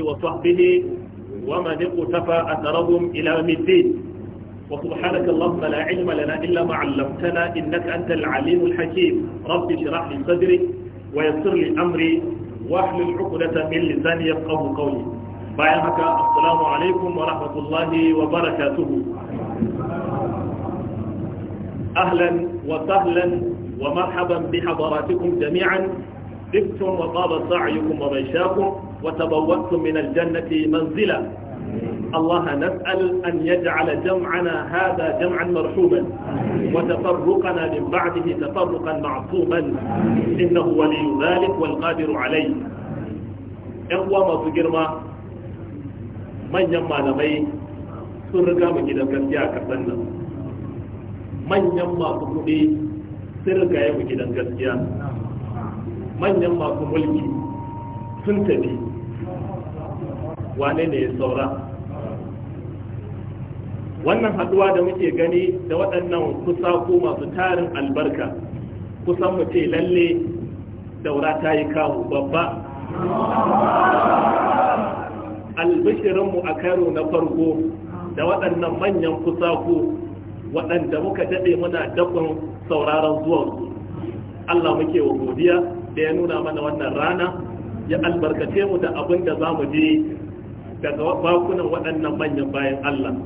وصحبه ومن اقتفى أثرهم إلى مدين وسبحانك اللهم لا علم لنا إلا ما علمتنا إنك أنت العليم الحكيم رب شرح لي صدري ويسر لي أمري واحلل العقدة من لساني يفقه قولي بايعك السلام عليكم ورحمة الله وبركاته أهلا وسهلا ومرحبا بحضراتكم جميعا دفتم وطاب سعيكم وميشاكم وتبوأت من الجنة منزلا الله نسأل أن يجعل جمعنا هذا جمعا مرحوما وتفرقنا من بعده تفرقا معصوما إنه ولي ذلك والقادر عليه إخوة مصجرمة من يما لمي سرقا من جدا كنتيا كفلنا من يما تقولي سرقا من جدا كنتيا من يما تقولي سنتبي wane ne ya saura wannan haɗuwa da muke gani da waɗannan kusa ko masu tarin albarka kusan mu ce lalle daura ta yi kawo babba albishirinmu a karo na farko da waɗannan manyan kusaku waɗanda muka daɗe muna dakon sauraron zuwansu Allah muke wa godiya da ya nuna mana wannan rana ya albarkace mu da abin da za mu je daga bakunan waɗannan manyan bayan Allah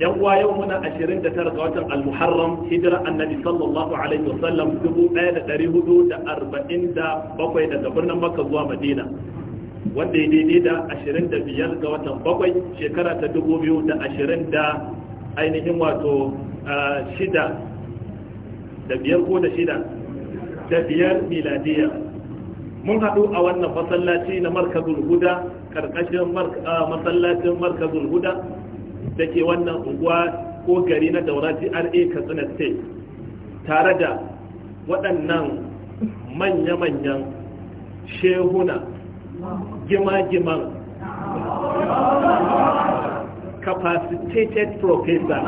yan uwa yau muna 29 ga watan al-muharram hijira annabi sallallahu alaihi wasallam 1447 daga birnin makka zuwa madina wanda ya daidai da 25 ga watan bakwai shekara ta 2020 ainihin wato da biyar ko da da biyar miladiya mun haɗu a wannan masallaci na markazul huda karkashin masallacin markazul huda da ke wannan unguwa ko gari na daurati ra katsina state tare da waɗannan manya-manyan shehuna gima-giman capacitated professor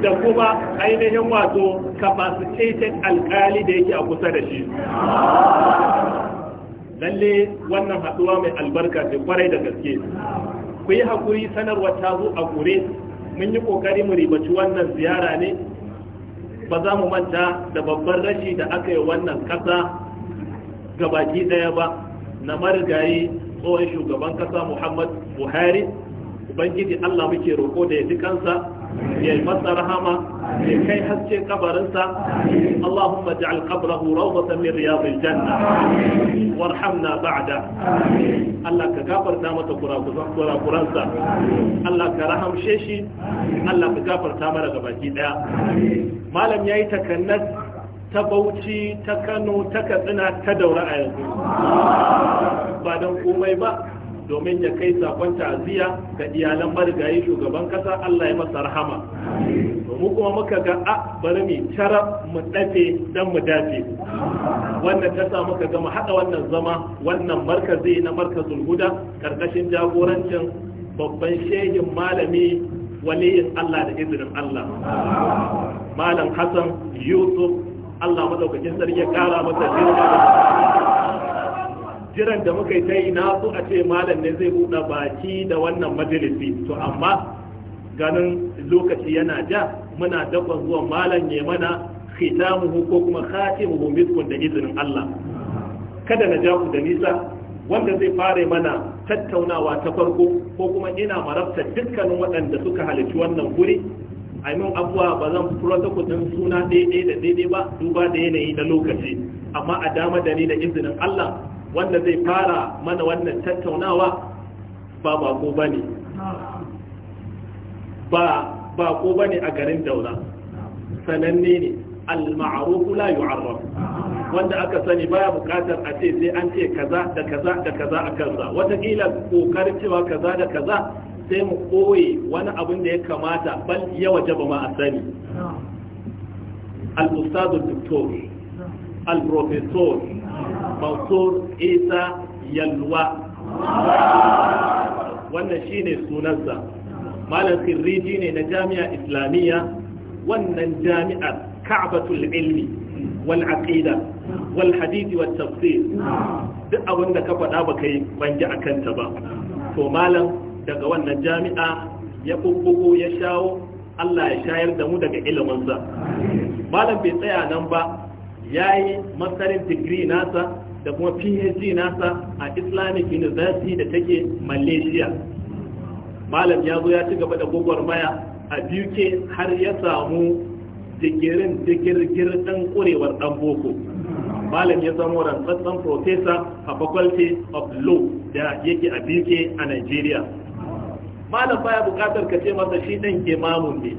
da kuma ainihin wato capacitated alkali da yake a kusa da shi lalle wannan haduwa mai albarka ce kwarai da gaske ku yi hakuri sanarwa ta zo a gure mun yi kokari mu ribaci wannan ziyara ne ba za mu manta da babban rashi da aka yi wannan kasa gabaki daya ba na marigayi tsohon shugaban kasa muhammad buhari ubangiji allah muke roko da ya ji kansa ya yi masa rahama ya kai haske kabarinsa Allahumma ja'al qabrahu rawdatan min riyadil janna warhamna ba'da Allah ka gafarta mata kurakuransa Allah ka rahamshe shi Allah ka gafarta mara gabaki daya malam yayi takannas ta Bauchi ta Kano ta Katsina ta Daura a yanzu ba dan komai ba domin ya kai sakon ta'aziyya ga iyalan marigayi shugaban kasa Allah ya masa rahama mu kuma muka ga a bari mu tarar mu dafe dan mu dafe wannan ta sa muka ga mu hada wannan zama wannan markazi na markazul huda karkashin jagorancin babban shehin malami waliyin Allah da izinin Allah malam Hassan Yusuf Allah madaukakin sarki ya kara masa girma da jiran da muka yi ta yi su a ce malam ne zai buɗe baki da wannan majalisi to amma ganin lokaci yana ja muna dafa zuwa malam ya mana khitamuhu ko kuma khatimuhu miskun da izinin Allah kada na ja ku da nisa wanda zai fara mana tattaunawa ta farko ko kuma ina marabta dukkanin waɗanda suka halarci wannan guri a min abuwa ba zan protocol din suna daidai da daidai ba duba da yanayi na lokaci amma a dama da ni da izinin Allah wanda zai fara mana wannan tattaunawa ba bako ba ne ba bako ba ne a garin daula sananne ne al-ma'arufu la yu'arraf wanda aka sani baya bukatar a ce sai an ce kaza da kaza da kaza a kansa watakila kokarin cewa kaza da kaza sai mu koye wani abin da ya kamata bal ya waje ba ma a sani al-ustadu al-professor mansur isa yalwa wannan shine sunansa malam kirriji ne na jami'a islamiyya wannan jami'ar ka'batul ilmi wal aqida wal wat tafsir duk abin da ka faɗa ba kai banji akan ta ba to malam daga wannan jami'a ya bubbugo ya shawo Allah ya shayar da mu daga iliminsa malam bai tsaya nan ba yayi masarin digiri nasa da kuma phd nasa a islamic university da take malaysia malam ya zo ya ci gaba da maya a uk har ya samu digirin digirgir dan kurewar dan boko malam ya zama rantsatsen professor a faculty of law da yake a uk a nigeria malam baya bukatar ka ce masa shi dan imamun ne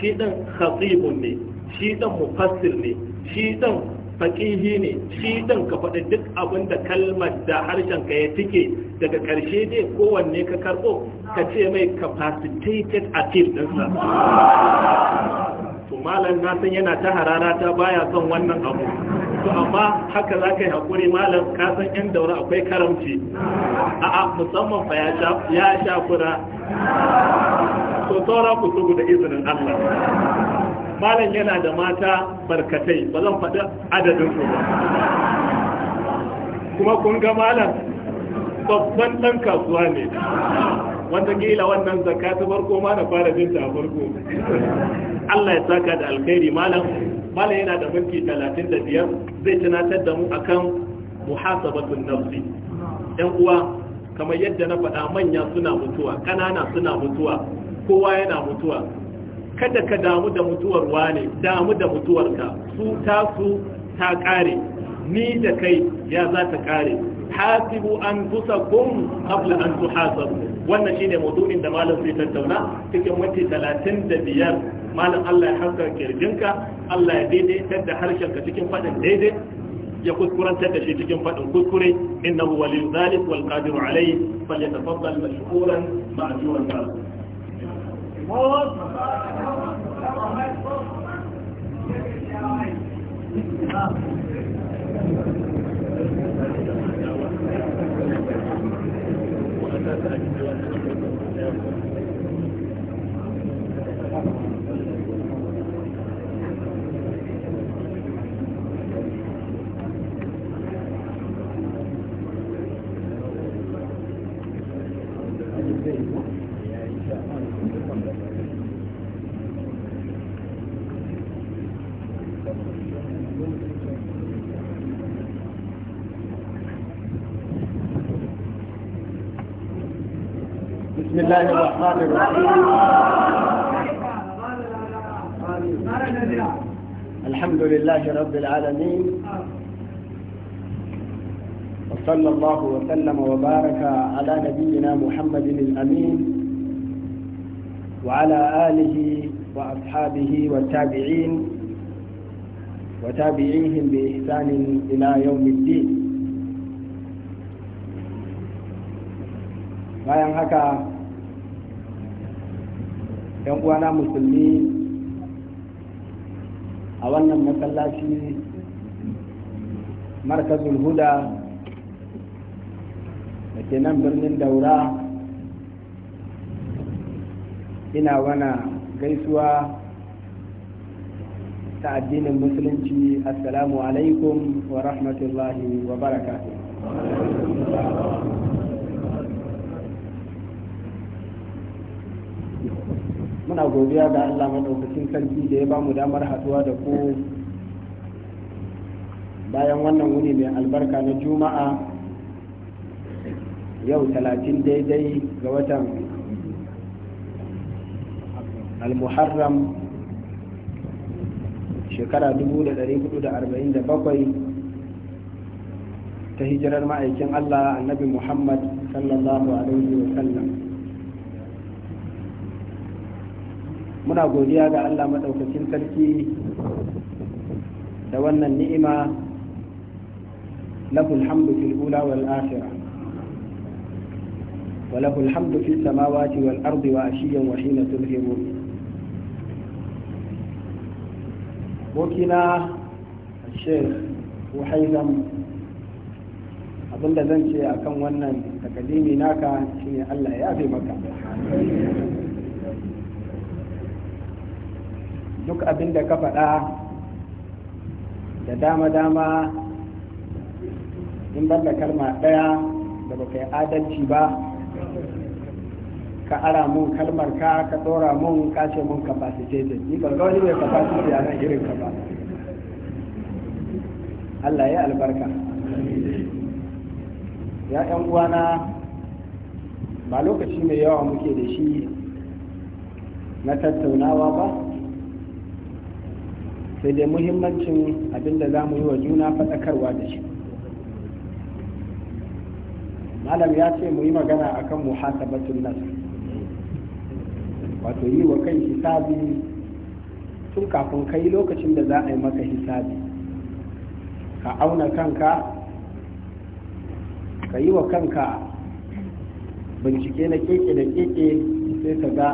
shi dan khatibun ne shi dan mufassir ne shi dan faƙihi ne shi ɗin ka faɗi duk abin da kalmar da harshenka ya tike daga ƙarshe dai kowanne ka karɓo ka ce mai capacitated appeal ɗinsa to malam na san yana ta harara ta baya son wannan abu to amma haka za ka yi haƙuri malam ka yan daura akwai karamci a'a musamman fa ya sha kura to saura ku tugu da izinin Allah malam yana da mata barkatai ba zan faɗi adadin su ba kuma kun ga malam babban ɗan kasuwa ne wanda gila wannan zaka ta farko ma na fara jinta a farko Allah ya saka da alkhairi malam malam yana da da 35 zai tunatar da mu akan muhasabatun nafsi ɗan uwa kamar yadda na faɗa manya suna mutuwa ƙanana suna mutuwa kowa yana mutuwa kada ka damu da mutuwar wane damu da mutuwarka su ta su ta kare ni da kai ya za ta kare hasibu an tusa kun abla an su hasabu wannan shine maudu'in da malam zai tattauna cikin minti talatin da biyar malam Allah ya haska kirjinka Allah ya daidaitar da harshenka cikin faɗin daidai ya kuskurantar da shi cikin faɗin kuskure innahu waliyu zalik wal qadiru alayhi falyatafaddal mashkuran ma'juran موت موت الله الرحمن الرحيم الحمد لله رب العالمين وصلى الله وسلم وبارك على نبينا محمد الأمين وعلى آله وأصحابه والتابعين وتابعيهم بإحسان إلى يوم الدين bayan haka yan uwana musulmi a wannan masallaci markazin huda da ke nan birnin daura ina wana gaisuwa ta addinin musulunci assalamu alaikum wa rahmatullahi wa barakatuh muna godiya ga Allah maɗaukacin sarki da ya bamu damar haɗuwa da ku bayan wannan wuni mai albarka na juma'a yau talatin daidai ga watan al-muharram shekara 1447 ta hijirar ma'aikin Allah annabi Muhammad sallallahu alaihi wa muna godiya ga Allah maɗaukakin sarki da wannan ni'ima lahul hamdu fil ula wal akhirah wa lahul hamdu fis samawati wal ardi wa ashiyan wa hina tuzhirun bokina Sheikh Uhaizam abinda zan ce akan wannan takadimi naka shine Allah ya yafe maka duk abin da ka faɗa da dama-dama in ban da kalma ɗaya da ba yi adalci ba ka ara mun kalmar ka ka tsora mun ka mun capacitated ni ba ga wani mai capacity a nan irin ka ba Allah ya albarka ya ƴan uwana ba lokaci mai yawa muke da shi na tattaunawa ba sai dai muhimmancin abinda za mu yi wa juna faɗakarwa da shi malam ya ce mu yi magana a akan muhasabatun nas wato yi wa kai hisabi tun kafin kai lokacin da za a yi maka hisabi ka auna kanka ka yi wa kanka bincike na keke da keke sai ka ga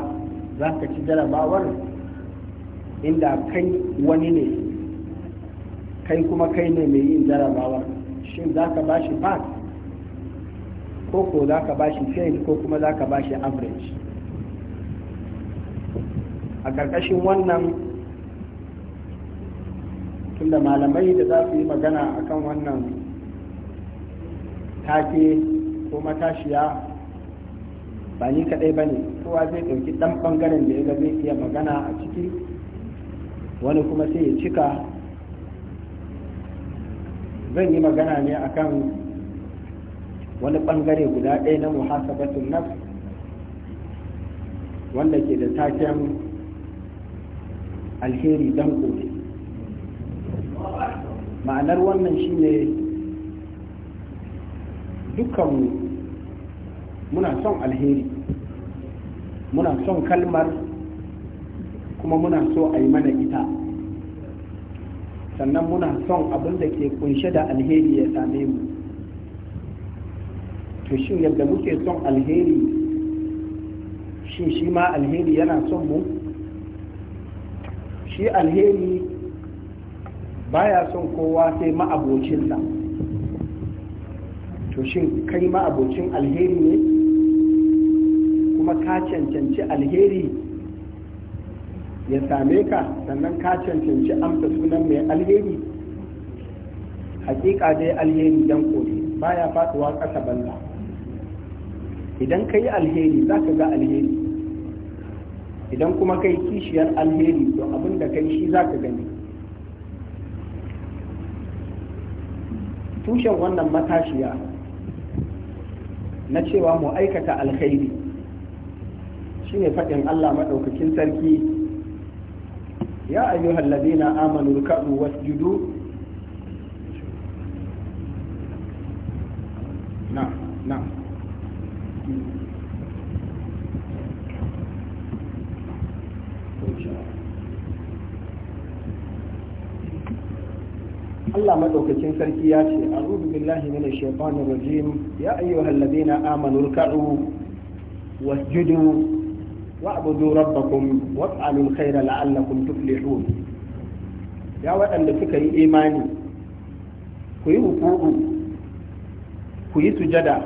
za ka ci jarabawar inda kai wani ne kai kuma kai ne mai yin jarabawa shin za ka ba shi ba ko ko za ka ba shi fail ko kuma za ka ba shi average a ƙarƙashin wannan tunda malamai da za su yi magana a kan wannan take ko matashiya ba ni kaɗai ba ne kowa zai ɗauki ɗan ɓangaren da ya ga zai iya magana a ciki wani kuma sai ya cika zan yi magana ne akan wani bangare guda ɗaya na muhasabatun nan wanda ke da taken alheri dan kuɗi ma'anar wannan shine dukkan muna son alheri muna son kalmar kuma muna so a yi mana ita sannan muna son abin da ke kunshe da alheri ya same mu to shin yadda muke son alheri shin shi ma alheri yana son mu shi alheri baya son kowa sai ma'abocinsa to shin kai ma'abocin alheri ne kuma ka cancanci alheri ya same ka sannan ka cancanci amsa sunan mai alheri hakika dai alheri dan ba baya faduwa ƙasa banza idan ka yi alheri za ka ga alheri idan kuma ka yi kishiyar alheri to abin da ka yi shi za ka gani tushen wannan matashiya na cewa mu aikata alheri. Shi ne faɗin allah maɗaukakin sarki يا أيها الذين آمنوا اركعوا واسجدوا نعم نعم Allah madaukakin sarki ya ce a'udhu billahi minash shaitanir rajim ya ayyuhal ladina amanu irka'u wasjudu wa'budu rabbakum waf'alul khaira la'allakum tuflihun ya waɗanda suka yi imani ku yi hukuku ku yi sujada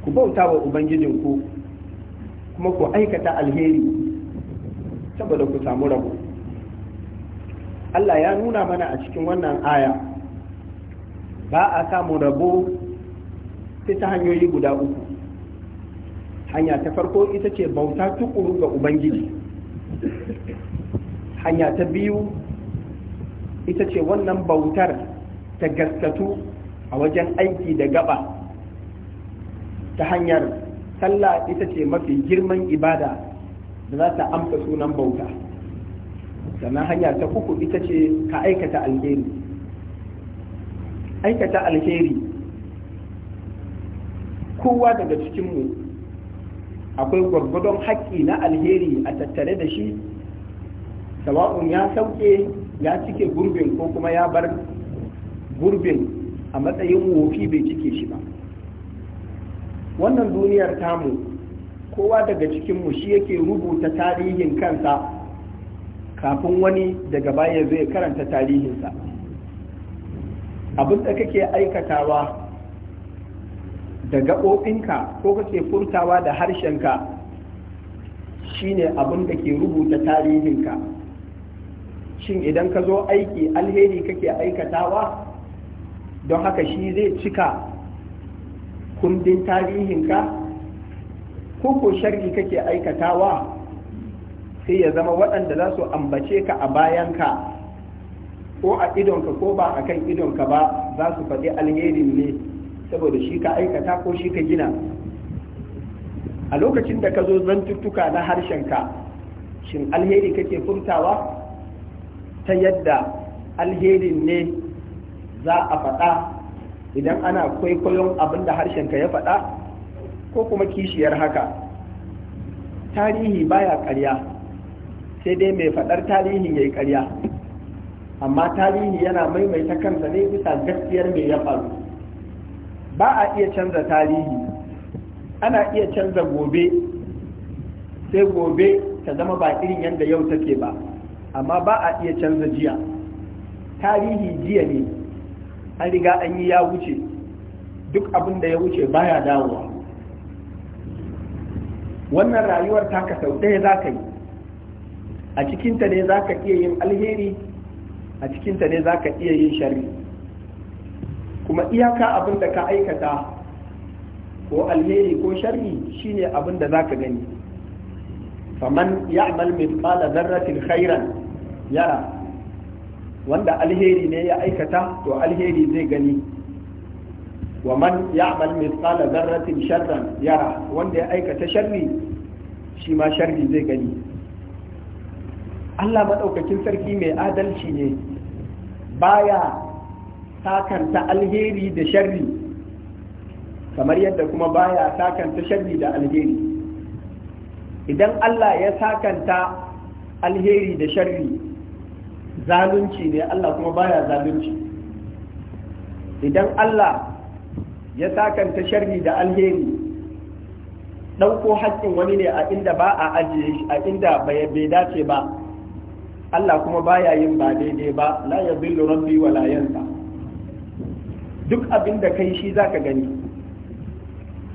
ku bauta wa Ubangijin ubangijinku kuma ku aikata alheri saboda ku samu rabo Allah ya nuna mana a cikin wannan aya ba a samu rabo ta hanyoyi guda uku hanya ta farko ita ce bauta tukuru ga ubangiji hanya ta biyu ita ce wannan bautar ta gaskatu a wajen aiki da gaba ta hanyar sallah ita ce mafi girman ibada da za ta amsa sunan bauta sannan hanya ta uku ita ce ka aikata alheri aikata alheri kowa daga cikinmu akwai gwargwadon haƙƙi na alheri a tattare da shi sawa'un ya sauke ya cike gurbin ko kuma ya bar gurbin a matsayin wofi bai cike shi ba wannan duniyar tamu kowa daga cikinmu shi yake rubuta tarihin kansa kafin wani daga baya zai karanta tarihinsa abin da kake aikatawa da gaɓoɓinka ko kake furtawa da harshenka shine abin da ke rubuta tarihinka shin idan ka zo aiki alheri kake aikatawa don haka shi zai cika kundin tarihinka ko ko sharri kake aikatawa sai ya zama waɗanda za su ambace ka a bayanka ko a idonka ko ba a kan idonka ba za su faɗi alherin ne saboda shi ka aikata ko shi ka gina a lokacin da ka zo zantuttuka na harshenka shin alheri kake furtawa ta yadda alherin ne za a faɗa idan ana kwaikwayon abin da harshenka ya faɗa ko kuma kishiyar haka tarihi baya ƙarya sai dai mai faɗar tarihi ya yi ƙarya amma tarihi yana maimaita kansa ne bisa gaskiyar mai ya faru ba a iya canza tarihi ana iya canza gobe sai gobe ta zama ba irin yadda yau take ba amma ba a iya canza jiya tarihi jiya ne an riga an yi ya wuce duk abin da ya wuce baya dawowa wannan rayuwar taka sau ɗaya za ka yi a cikinta ne za ka iya yin alheri a cikinta ne za ka iya yin shari'a kuma iyaka abin da ka aikata ko alheri ko sharri shine abin da zaka gani faman ya'mal mithqala dharratin khairan yara wanda alheri ne ya aikata to alheri zai gani wa man ya'mal mithqala dharratin sharran yara wanda ya aikata sharri shi ma sharri zai gani Allah madaukakin sarki mai adalci ne baya sakanta alheri da sharri kamar yadda kuma baya sakanta sharri da alheri idan Allah ya sakanta alheri da sharri zalunci ne Allah kuma baya zalunci idan Allah ya sakanta sharri da alheri ɗauko haƙƙin wani ne a inda ba a ajiye shi a inda bai dace ba Allah kuma baya yin ba daidai ba la ya billu rabbi wa la yansa duk abin da kai shi zaka gani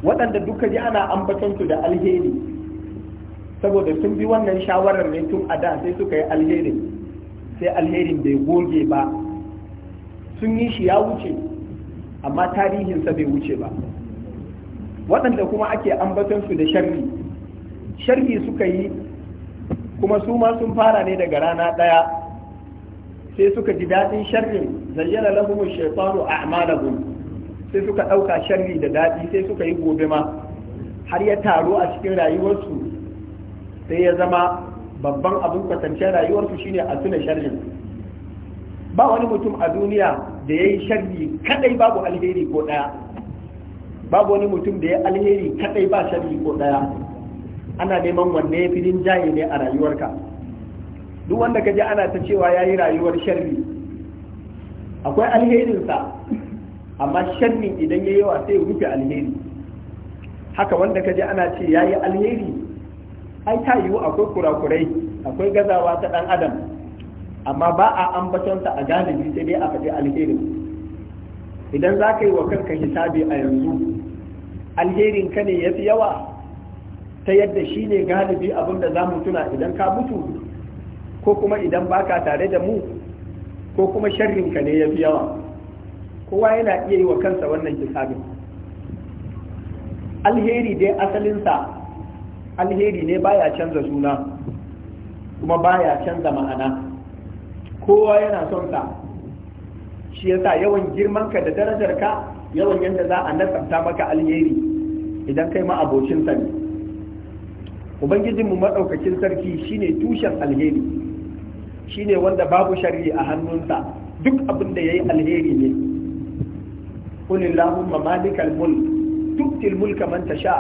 waɗanda duka ji ana ambaton da alheri saboda sun bi wannan shawarar ne tun a da sai suka yi alherin sai alherin bai goge ba sun yi shi ya wuce amma tarihinsa bai wuce ba waɗanda kuma ake ambaton su da sharri sharri suka yi kuma su ma sun fara ne daga rana ɗaya sai suka ji daɗin sharrin zayyana lahum shaytanu a'malahum sai suka dauka sharri da dadi sai suka yi gobe ma har ya taro a cikin rayuwarsu sai ya zama babban abin kwatancen rayuwarsu shine a tuna sharrin ba wani mutum a duniya da yayi sharri kadai babu alheri ko daya babu wani mutum da ya alheri kadai ba sharri ko daya ana neman wanne ya filin jaye ne a rayuwarka duk wanda ka ji ana ta cewa yayi rayuwar sharri akwai alherinsa amma sharrin idan ya yawa sai rufe alheri haka wanda ka kaje ana ce ya yi alheri ai ta yiwu akwai kurakurai akwai gazawa ta ɗan adam amma ba a ambatonsa a galibi sai dai a faɗi alherin idan za ka yi wa kanka hisabi a yanzu alherin ka ne ya fi yawa ta yadda shi ne galibi abin da za mu tuna idan ka mutu ko kuma idan baka tare da mu ko kuma sharrin ka ne ya fi yawa kowa yana iya yi wa kansa wannan hisabin alheri dai asalinsa alheri ne baya canza suna kuma baya canza ma'ana kowa yana son sa shi yasa yawan girmanka da darajar ka yawan yadda za a nasabta maka alheri idan kai ma sa ne ubangijinmu maɗaukakin sarki shine tushen alheri Shi ne wanda babu sharri a hannunsa duk abin da yi alheri ne qul allahumma malikal mulk tu'ti al mulka man tasha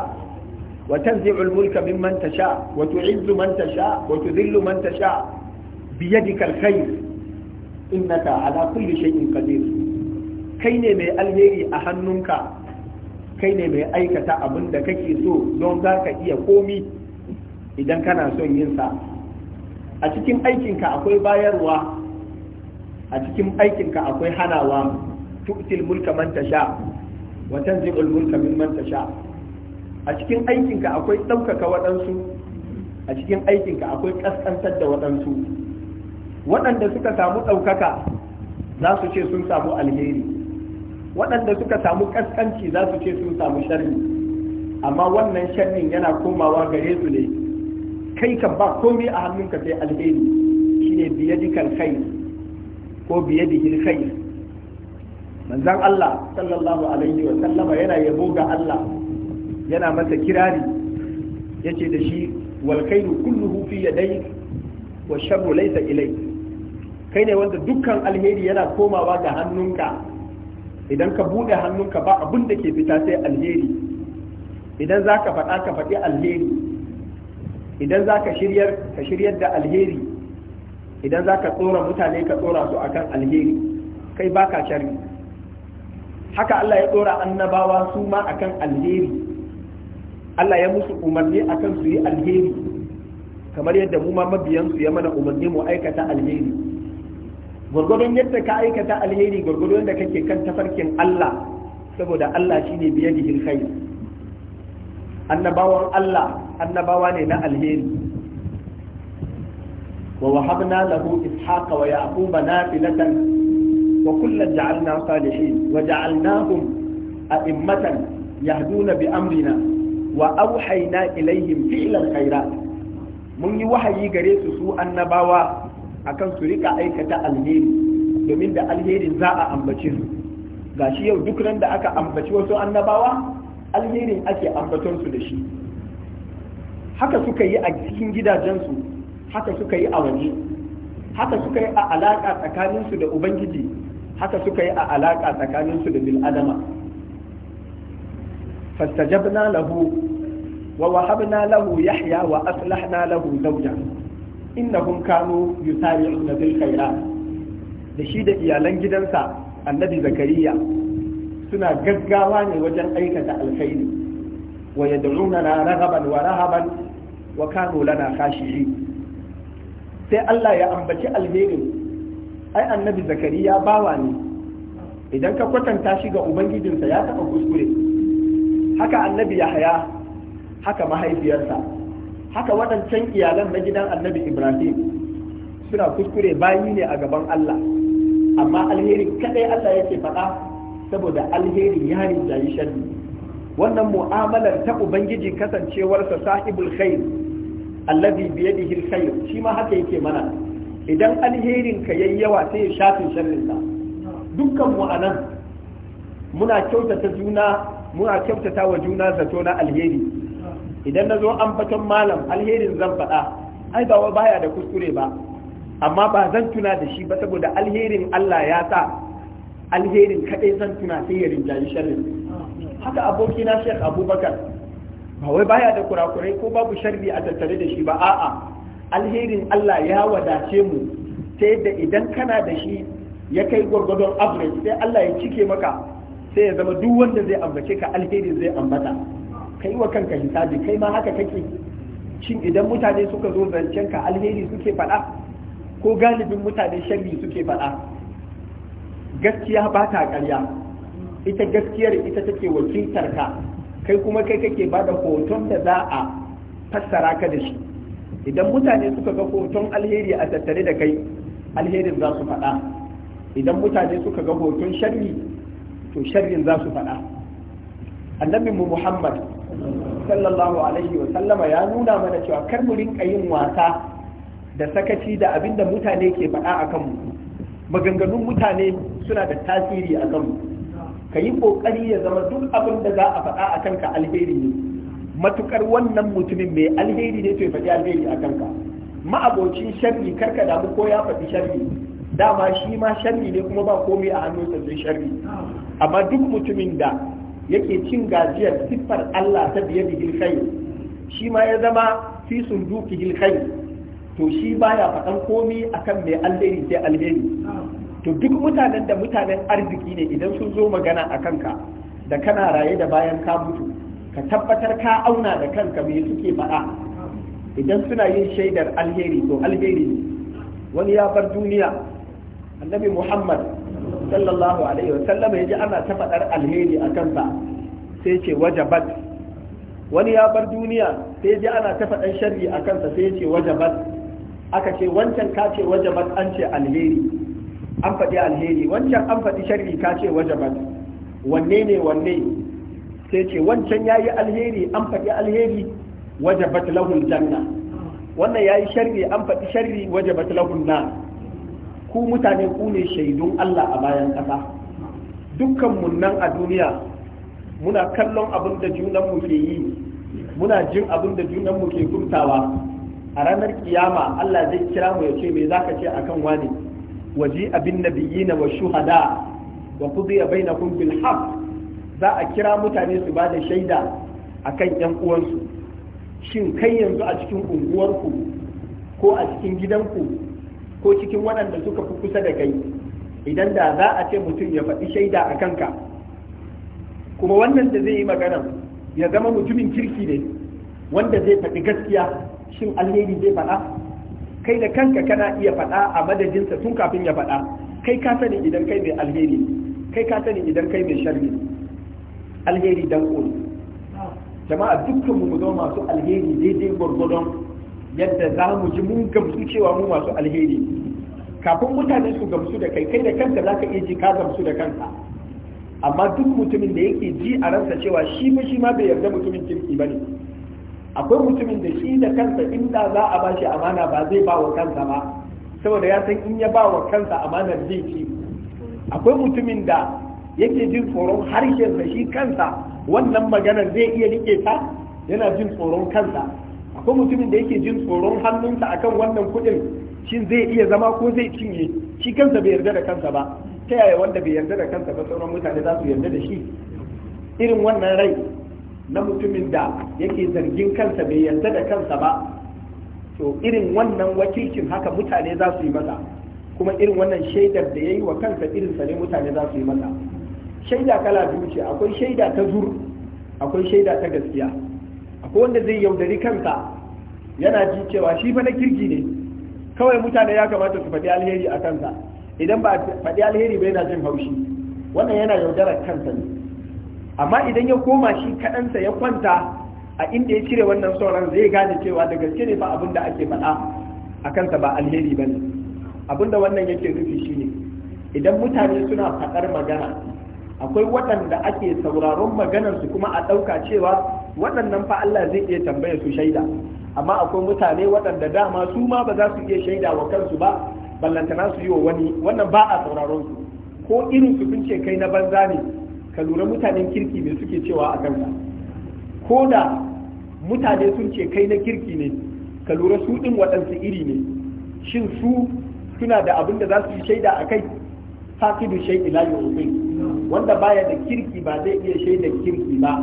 wa tanzi'u al mulka mimman tasha wa tu'izzu man tasha wa tudhillu man tasha bi yadika al khair innaka ala kulli shay'in qadir kai ne mai alheri a hannunka kai ne mai aikata abin da kake so don za ka iya komi idan kana son yin sa a cikin aikinka akwai bayarwa a cikin aikinka akwai hanawa tu'til mulka man tasha wa tanzi'ul mulka min man tasha a cikin aikinka akwai ɗaukaka waɗansu a cikin aikinka akwai ƙasƙantar da waɗansu waɗanda suka samu ɗaukaka za su ce sun samu alheri waɗanda suka samu ƙasƙanci za su ce sun samu sharri amma wannan sharrin yana komawa gare su ne kai kan ba komai a hannunka sai alheri shine biyadikal khair ko biyadihil khair manzon Allah sallallahu alaihi wa sallama yana yabo ga Allah yana masa kirari yace da shi wal khairu kulluhu fi yadayk wa sharru laysa ilayk kai ne wanda dukkan alheri yana komawa ga hannunka idan ka bude hannunka ba abin da ke fita sai alheri idan za ka faɗa ka faɗi alheri idan za ka shiryar ka shiryar da alheri idan za ka tsora mutane ka tsora su akan alheri kai baka shari. haka Allah ya tsora annabawa su ma akan alheri Allah ya musu umarni akan su yi alheri kamar yadda mu ma mabiyansu ya mana umarni mu aikata alheri gwargwadon yadda ka aikata alheri gwargwadon da kake kan tafarkin Allah saboda Allah shine biyadihil khair annabawan Allah annabawa ne na alheri wa wahabna lahu ishaqa wa yaquba nafilatan wa kullan ja'alna salihin wa ja'alnahum a'immatan yahduna bi amrina wa awhayna ilayhim fi'lan khairat mun yi wahayi gare su su annabawa akan su rika aikata alheri domin da alherin za a ambace su gashi yau duk ran da aka ambaci wasu annabawa alherin ake ambaton su da shi haka suka yi a cikin gidajensu haka suka yi a waje haka suka yi a alaƙa tsakaninsu da ubangiji haka suka yi a alaƙa tsakaninsu da bil'adama fastajabna lahu wa wahabna lahu yahya wa aslahna lahu zawja innahum kanu yusari'una bil khairat da shi da iyalan gidansa annabi zakariya suna gaggawa ne wajen aikata alkhairi wa yad'una raghaban wa rahaban wa Kano lana khashi'i sai Allah ya ambaci alherin ai annabi zakariya bawa ne idan ka kwatanta shi ga ubangijinsa ya taɓa kuskure haka annabi yahaya haka mahaifiyarsa haka waɗancan iyalan na gidan annabi ibrahim suna kuskure bayi ne a gaban Allah amma alheri kadai Allah yake faɗa saboda alherin ya rinjayi sharri wannan mu'amalar ta ubangiji kasancewarsa sahibul khair allazi biyadihi alkhair shi ma haka yake mana idan alherin ka yayi yawa sai ya shafi sharrin ka dukkan mu anan muna kyautata juna muna kyautata wa juna zato na alheri idan nazo an fatan malam alherin zan faɗa ai ba baya da kuskure ba amma ba zan tuna da shi ba saboda alherin Allah ya sa alherin kadai zan tuna sai ya rinjayi sharrin haka abokina Sheikh Abubakar ba wai baya da kurakurai ko babu sharri a tattare da shi ba a'a alherin Allah ya wadace mu ta yadda idan kana da shi ya kai gwargwadon average sai Allah ya cike maka sai ya zama duk wanda zai ambace ka alheri zai ambata kai wa kanka hisabi kai ma haka kake shin idan mutane suka zo zancen ka alheri suke faɗa ko galibin mutane sharri suke faɗa gaskiya ba ta ƙarya ita gaskiyar ita take wakiltar ka kai kuma kai kake ba da hoton da za a fassara ka da shi idan mutane suka ga hoton alheri a tattare da kai alherin za su faɗa idan mutane suka ga hoton sharri to sharrin za su faɗa annabin mu muhammad sallallahu alaihi wa sallama ya nuna mana cewa kar mu rinka yin wasa da sakaci da abinda mutane ke faɗa a kanmu maganganun mutane suna da tasiri a kanmu ka yi kokari ya zama duk abin da za a faɗa a kanka alheri ne matukar wannan mutumin mai alheri ne to ya faɗi alheri a kanka ma'abocin sharri karka damu ko ya faɗi sharri dama shi ma sharri ne kuma ba komai a hannun sa sai sharri amma duk mutumin da yake cin gajiyar siffar Allah ta biye da hilkai shi ma ya zama fi sunduki hil to shi baya faɗan komai akan mai alheri sai alheri to duk mutanen da mutanen arziki ne idan sun zo magana a kanka da kana raye da bayan ka mutu ka tabbatar ka auna da kanka me suke faɗa idan suna yin shaidar alheri to alheri ne wani ya bar duniya annabi muhammad sallallahu alaihi wa sallam ya ji ana ta faɗar alheri a kansa sai ce wajabat wani ya bar duniya sai ya ji ana ta faɗar sharri a kansa sai ya ce wajabat aka ce wancan ka ce wajabat an ce alheri an faɗi alheri wancan an faɗi sharri ka ce wajabat wanne ne wanne sai ce wancan yi alheri an faɗi alheri wajabat lahul janna wannan ya yi sharri an faɗi sharri wajabat lahul na. ku mutane ku ne shaidun Allah a bayan ƙasa dukkan mun nan a duniya muna kallon abin da junanmu ke yi muna jin abin da junanmu ke furtawa a ranar kiyama Allah zai kira mu ya ce me zaka ce akan wani waji abin hada wa shuhada wa qudiya na bil haqq za a kira mutane su bada shaida akan yan uwansu shin kai yanzu a cikin unguwarku ko a cikin gidanku ko cikin waɗanda suka fi kusa da kai idan da za a ce mutum ya faɗi shaida a kanka kuma wannan da zai yi magana ya zama mutumin kirki ne wanda zai faɗi gaskiya shin alheri zai faɗa kai da kanka kana iya faɗa a madadinsa tun kafin ya faɗa kai ka sani idan kai mai alheri kai ka sani idan kai mai sharri alheri dan ƙoli jama'a dukkan mu zama masu alheri daidai gwargwadon yadda za mu ji mun gamsu cewa mu masu alheri kafin mutane su gamsu da kai kai da kanka za ka iya ji ka gamsu da kanka amma duk mutumin da yake ji a ransa cewa shi ma shi ma bai yarda mutumin kirki ba ne akwai mutumin da shi da kansa inda za a ba shi amana ba zai ba wa kansa ba saboda ya san in ya ba wa kansa amanar zai ci akwai mutumin da yake jin tsoron harshensa shi kansa wannan maganar zai iya rike ta yana jin tsoron kansa akwai mutumin da yake jin tsoron hannunsa akan wannan kuɗin shin zai iya zama ko zai cinye shi kansa bai yarda da kansa ba ta yaya wanda bai yarda da kansa ba sauran mutane za su yarda da shi irin wannan rai na mutumin da yake zargin kansa bai yarda da kansa ba to irin wannan wakilcin haka mutane za su yi masa kuma irin wannan shaidar da ya yi wa kansa irinsa ne mutane za su yi masa shaida kala biyu ce akwai shaida ta zur akwai shaida ta gaskiya akwai wanda zai yaudari kansa yana ji cewa shi fa na kirki ne kawai mutane ya kamata su faɗi alheri a kansa idan ba faɗi alheri ba yana jin haushi wannan yana yaudarar kansa ne amma idan ya koma shi kaɗansa ya kwanta a inda ya cire wannan sauran zai gane cewa da gaske ne fa abin da ake faɗa a kansa ba alheri ba ne abin da wannan yake nufi shi ne idan mutane suna faɗar magana akwai waɗanda ake sauraron maganarsu kuma a ɗauka cewa waɗannan fa Allah zai iya tambaya su shaida amma akwai mutane waɗanda dama su ma ba za su iya shaida wa kansu ba ballantana su yi wa wani wannan ba a sauraron su ko irin su kun kai na banza ne ka lura mutanen kirki me suke cewa a kanka ko da mutane sun ce kai na kirki ne ka lura su ɗin waɗansu iri ne shin su suna da abin da za su yi shaida a kai faqidu shay'in la yu'min wanda baya da kirki ba zai iya shaidar kirki ba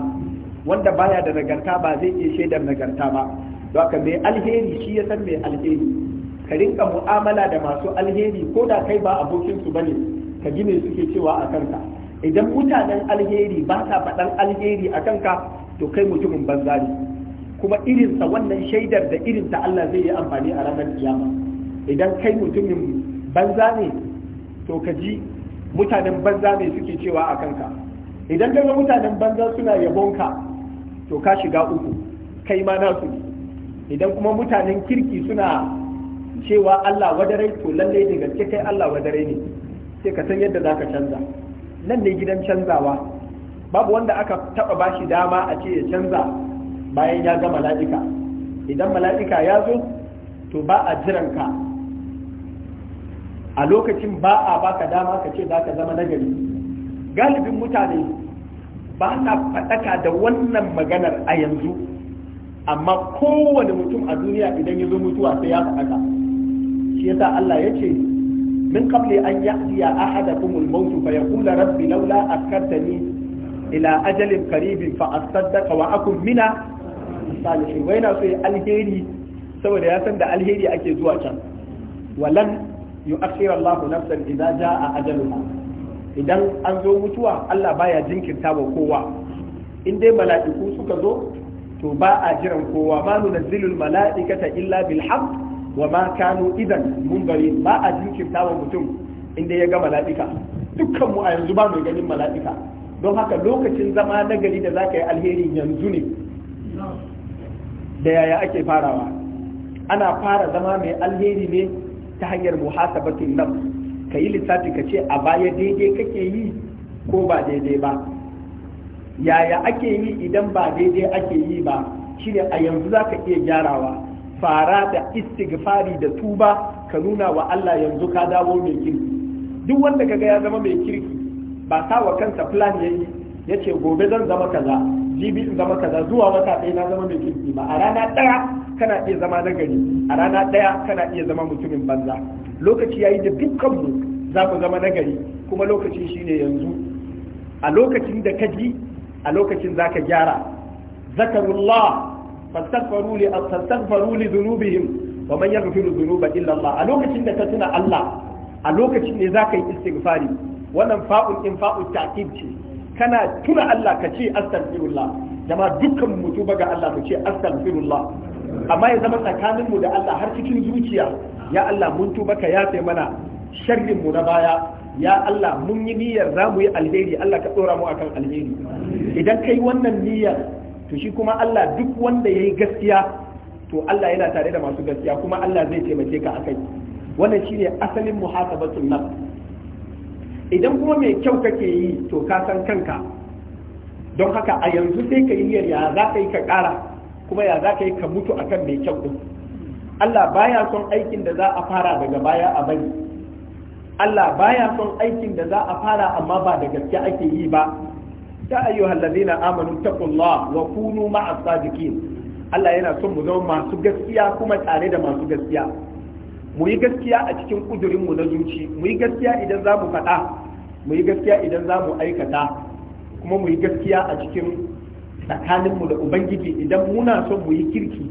wanda baya da nagarta ba zai iya shaidar nagarta ba don ka mai alheri shi ya san mai alheri ka rinka mu'amala da masu alheri ko da kai ba abokinsu ba ne. ka gine suke cewa a kanka idan mutanen alheri ba sa faɗan alheri a kanka to kai mutumin banza ne kuma irinsa wannan shaidar da irinta Allah zai yi amfani a ranar kiyama idan kai mutumin banza ne to ka ji mutanen banza ne suke cewa a kanka idan kai mutanen banza suna yabonka to ka shiga uku kai ma nasu idan kuma mutanen kirki suna cewa Allah wadarai to lallai da gaske kai Allah wadarai ne sai ka san yadda zaka canza nan ne gidan canzawa babu wanda aka taba bashi dama a ce ya canza bayan ya ga mala'ika idan mala'ika ya zo to ba a jiran ka a lokacin ba a baka dama ka ce za ka zama nagari galibin mutane ba na faɗaka da wannan maganar a yanzu amma kowane mutum a duniya idan ya zo mutuwa sai ya faɗaka shi yasa Allah ya ce min qabli an ya'tiya ahadakum al-maut fa yaqul rabbi laula akkartani ila ajalin karibin fa asaddaqa wa akun mina salihin wai na so ya alheri saboda ya san da alheri ake zuwa can walan yu'akhkhiru Allahu nafsan idza jaa ajaluha idan an zo mutuwa Allah baya jinkirta wa kowa in dai mala'iku suka zo to ba a jiran kowa ma nunazzilu al-mala'ikata illa bil wa ma kanu idan bari ba a jinkirta wa mutum inda ya ga mala'ika dukkan mu a yanzu ba mai ganin mala'ika don haka lokacin zama na gari da za ka yi alheri yanzu ne da yaya ake farawa ana fara zama mai alheri ne ta hanyar muhasabatin nan? ka yi lissafi ka ce a baya daidai kake yi ko ba daidai ba yaya ake yi idan ba daidai ake yi ba shine a yanzu za ka iya gyarawa fara da istighfari da tuba ka nuna wa Allah yanzu ka dawo mai kirki duk wanda kaga ya zama mai kirki ba sa wa kansa plan yayi yace gobe zan zama kaza jibi in zama kaza zuwa wata ɗaya na zama mai kirki ba a rana ɗaya kana iya zama nagari a rana ɗaya kana iya zama mutumin banza lokaci yayi da mu za ku zama nagari kuma lokaci shine yanzu a lokacin da ka ji a lokacin za ka gyara zakarullah fastaghfiru li fastaghfiru li dhunubihim wa man a lokacin da ka tuna Allah a lokacin ne zaka yi istighfari wannan fa'un in fa'u ta'kid ce kana tuna Allah ka ce astaghfirullah jama dukkan mu tuba ga Allah mu ce astaghfirullah amma ya zama tsakanin mu da Allah har cikin zuciya ya Allah mun tuba ka yafe mana sharrin mu na baya ya Allah mun yi niyyar za mu yi alheri Allah ka tsora mu akan alheri idan kai wannan niyyar to shi kuma Allah duk wanda yayi gaskiya to Allah yana tare da masu gaskiya kuma Allah zai taimake ka a kai. wannan shine asalin muhasabatun nafs idan kuma mai kyau kake yi to ka san kanka don haka a yanzu sai ka yi niyyar ya za ka yi ka ƙara kuma ya za ka yi ka mutu akan mai kyau din Allah baya son aikin da za a fara daga baya a bari Allah baya son aikin da za a fara amma ba da gaskiya ake yi ba ya ayyuhal ladina amanu taqullaha wa kunu ma'as sadiqin Allah yana son mu zama masu gaskiya kuma tare da masu gaskiya mu yi gaskiya a cikin kudurin mu na zuci mu yi gaskiya idan za mu faɗa mu yi gaskiya idan za mu aikata kuma mu yi gaskiya a cikin tsakanin mu da ubangiji idan muna son mu yi kirki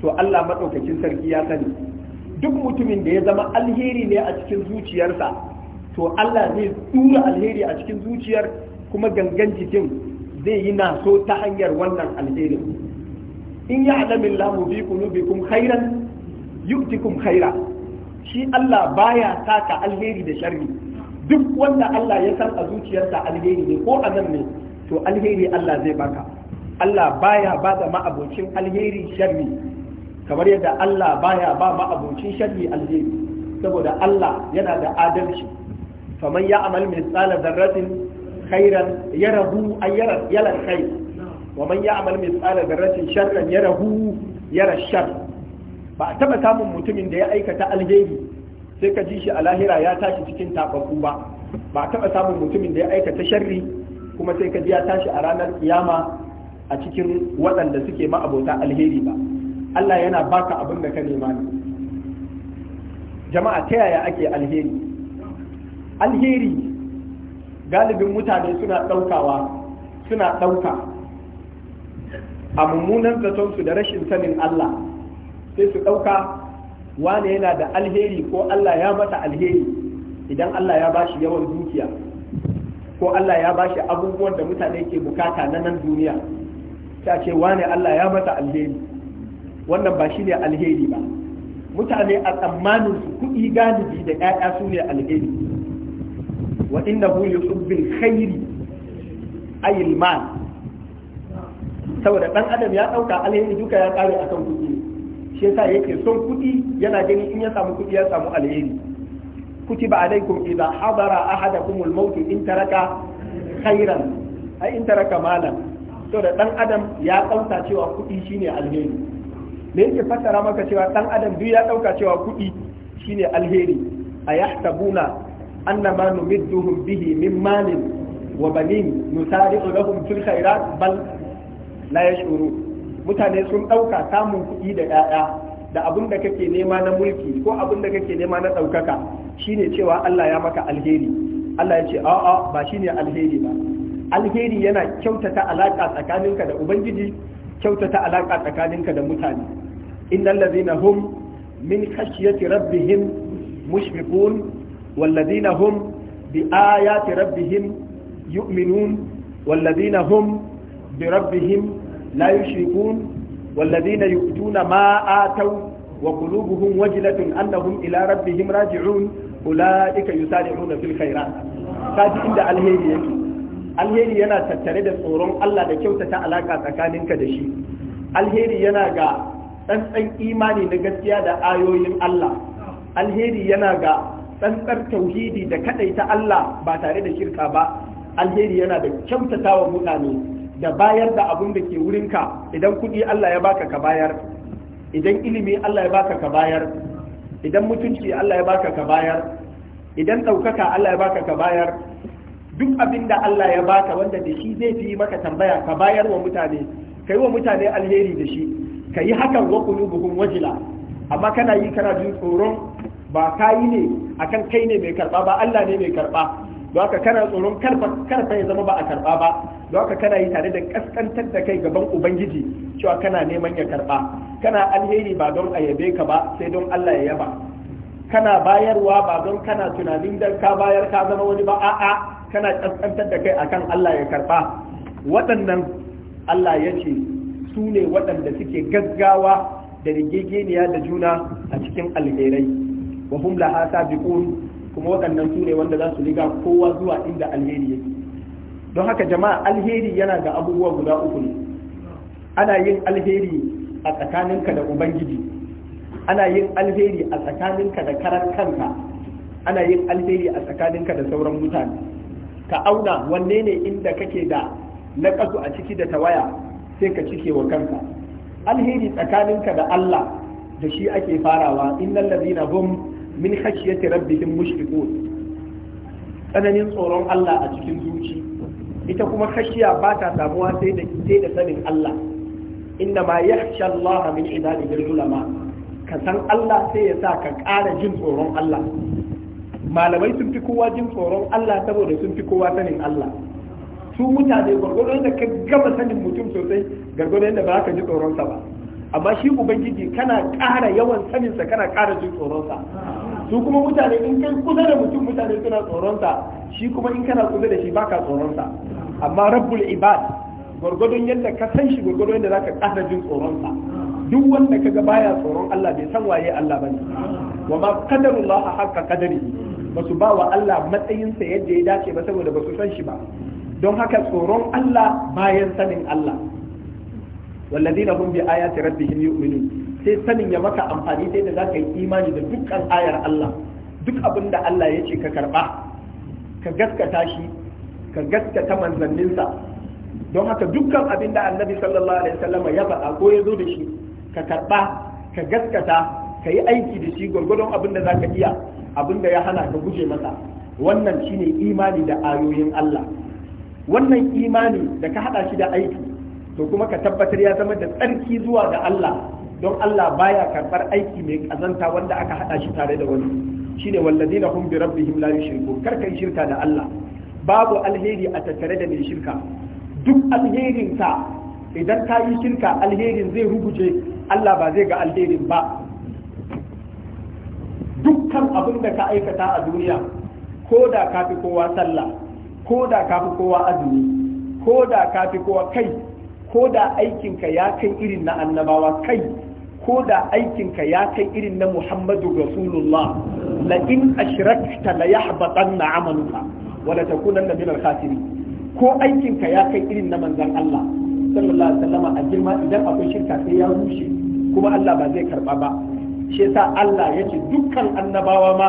to Allah madaukakin sarki ya sani duk mutumin da ya zama alheri ne a cikin zuciyarsa to Allah zai dura alheri a cikin zuciyar kuma gangan jikin zai yi naso ta hanyar wannan alherin in ya alamin lamu bi qulubikum khairan yu'tikum khaira shi Allah baya saka alheri da sharri duk wanda Allah ya san a zuciyarsa alheri ne ko a nan ne to alheri Allah zai baka Allah baya ba da ma'abocin alheri sharri kamar yadda Allah baya ba ma'abocin sharri alheri saboda Allah yana da adalci faman ya amal misala zarratin khairan yarahu ayyaran yalan khair wa man ya'mal mithqala dharratin sharran yarahu yara shar ba taba samun mutumin da ya aikata alheri sai ka ji shi a lahira ya tashi cikin tafafu ba ba taba samun mutumin da ya aikata sharri kuma sai ka ji ya tashi a ranar kiyama a cikin waɗanda suke ma'abota alheri ba Allah yana baka abin da ka nema ne jama'a ta yaya ake alheri alheri galibin mutane suna ɗaukawa suna ɗauka a mummunan zatonsu da rashin sanin Allah sai su ɗauka wane yana da alheri ko Allah ya mata alheri idan Allah ya bashi yawan dukiya ko Allah ya bashi abubuwan da mutane ke bukata na nan duniya ta ce wane Allah ya mata alheri wannan ba shi ne alheri ba mutane a tsammanin su kuɗi galibi da 'ya'ya su ne alheri wa innahu li hubbil khairi ayil mal saboda dan adam ya dauka alheri duka ya kare akan kuɗi shi yasa yake son kuɗi yana gani in ya samu kuɗi ya samu alheri كتب عليكم إذا حضر أحدكم الموت إن ترك خيرا أي إن ترك مالا to da dan adam ya ɗauka cewa kuɗi shine alheri me yake fassara maka cewa dan adam duk ya ɗauka cewa kuɗi shine alheri a yahtabuna annama numidduhum bihi min malin wa banin nusari'u lahum fil khairat bal la yash'uru mutane sun ɗauka samun kuɗi da 'ya'ya da abin da kake nema na mulki ko abin da kake nema na ɗaukaka shine cewa Allah ya maka alheri Allah ya ce a'a ba shine alheri ba alheri yana kyautata alaƙa tsakaninka da ubangiji kyautata alaƙa tsakaninka da mutane innal ladhina hum min khashyati rabbihim mushfiqun والذين هم بآيات ربهم يؤمنون والذين هم بربهم لا يشركون والذين يؤتون ما آتوا وقلوبهم وجلة أنهم إلى ربهم راجعون أولئك يسارعون في الخيرات kaji inda alheri yake alheri yana tattare da tsoron Allah da kyautata alaka tsakaninka da shi alheri yana ga tsantsan imani na gaskiya da ayoyin Allah alheri yana ga tsantsar tauhidi da ta Allah ba tare da shirka ba alheri yana da kyautatawa mutane da bayar da abun da ke wurinka idan kuɗi Allah ya baka ka bayar idan ilimi Allah ya baka ka bayar idan mutunci Allah ya baka ka bayar idan ɗaukaka Allah ya baka ka bayar duk abin da Allah ya baka wanda da shi zai fi maka tambaya ka bayar wa mutane ka yi wa mutane alheri da shi ka yi hakan wa kulubuhum wajila amma kana yi kana jin tsoron ba ka yi ne a kan kai ne mai karba ba Allah ne mai karba don haka kana tsoron karfa ya zama ba a karba ba don haka kana yi tare da kaskantar da kai gaban ubangiji cewa kana neman ya karba kana alheri ba don a yabe ka ba sai don Allah ya yaba kana bayarwa ba don kana tunanin da ka bayar ka zama wani ba a'a kana kaskantar da kai akan Allah ya karɓa. waɗannan Allah ya ce su ne waɗanda suke gaggawa da rigegeniya da juna a cikin alherai wa hum laha sabiqun kuma waɗannan su ne wanda za su riga kowa zuwa inda alheri yake don haka jama'a alheri yana ga abubuwa guda uku ne ana yin alheri a tsakaninka da ubangiji ana yin alheri a tsakaninka da karar kanka ana yin alheri a tsakaninka da sauran mutane ka auna wanne ne inda kake da naƙasu a ciki da tawaya sai ka cike wa kanka alheri tsakaninka da Allah da shi ake farawa innal ladina hum min khashyati rabbihim mushfiqun tsananin tsoron Allah a cikin zuci ita kuma khashiya ba ta damuwa sai da sai da sanin Allah inna ma yakhsha Allah min ibadihi ulama ka san Allah sai ya sa ka ƙara jin tsoron Allah malamai sun fi kowa jin tsoron Allah saboda sun fi kowa sanin Allah su mutane gwargwadon da ka gama sanin mutum sosai gwargwadon da ba ka ji tsoronsa ba amma shi ubangiji kana ƙara yawan saninsa kana ƙara jin tsoronsa su kuma mutane in kai kusa da mutum mutane suna tsoronsa shi kuma in kana kusa da shi baka tsoronsa amma rabbul ibad gwargwadon yadda ka san shi gwargwadon yadda zaka kasa jin tsoronsa duk wanda kaga baya tsoron Allah bai san waye Allah bane wa ma qadarullah haqqa qadari basu ba wa Allah matsayinsa yadda ya dace ba saboda basu san shi ba don haka tsoron Allah bayan sanin Allah والذين هم da ربهم يؤمنون sai sanin ya maka amfani sai da za ka yi imani da dukkan ayar Allah duk abin da Allah ya ce ka karba ka gaskata shi ka gaskata manzanninsa don haka dukkan abin da annabi sallallahu alaihi wasallam ya faɗa ko ya zo da shi ka karba ka gaskata ka yi aiki da shi gwargwadon abin da za ka iya abin da ya hana ka guje masa wannan shine imani da ayoyin Allah wannan imani da ka haɗa shi da aiki to kuma ka tabbatar ya zama da tsarki zuwa ga Allah don Allah baya karbar aiki mai kazanta wanda aka hada shi tare da wani shine wallazina hum bi rabbihim la yushriku karkai shirka da Allah babu alheri a tattare da mai shirka duk alherin ta idan ta yi shirka alherin zai rubuce Allah ba zai ga alherin ba dukkan abin da ka aikata a duniya ko da ka fi kowa sallah ko da ka fi kowa azumi ko da ka fi kowa kai ko da aikinka ya kai irin na annabawa kai ko da aikinka ya kai irin na Muhammadu Rasulullah la in ashrakta la yahbatan na amaluka wala takuna na min al ko aikinka ya kai irin na manzon Allah sallallahu alaihi wasallam a girma idan akwai shirka sai ya rushe kuma Allah ba zai karba ba shi yasa Allah yace dukkan annabawa ma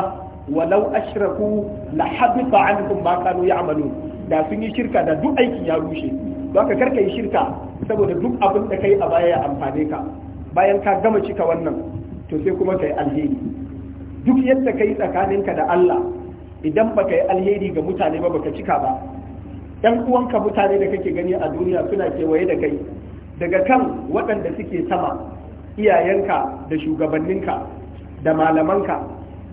walau ashraku la habita anhum ma kanu ya'malun da sun yi shirka da duk aikin ya rushe don ka karka yi shirka saboda duk abin da kai a baya ya amfane ka bayan ka gama cika wannan to sai kuma kai alheri duk yadda kai tsakaninka da Allah idan baka yi alheri ga mutane ba baka cika ba ɗan uwanka mutane da kake gani a duniya suna kewaye da kai daga kan waɗanda suke sama iyayenka da shugabanninka da malamanka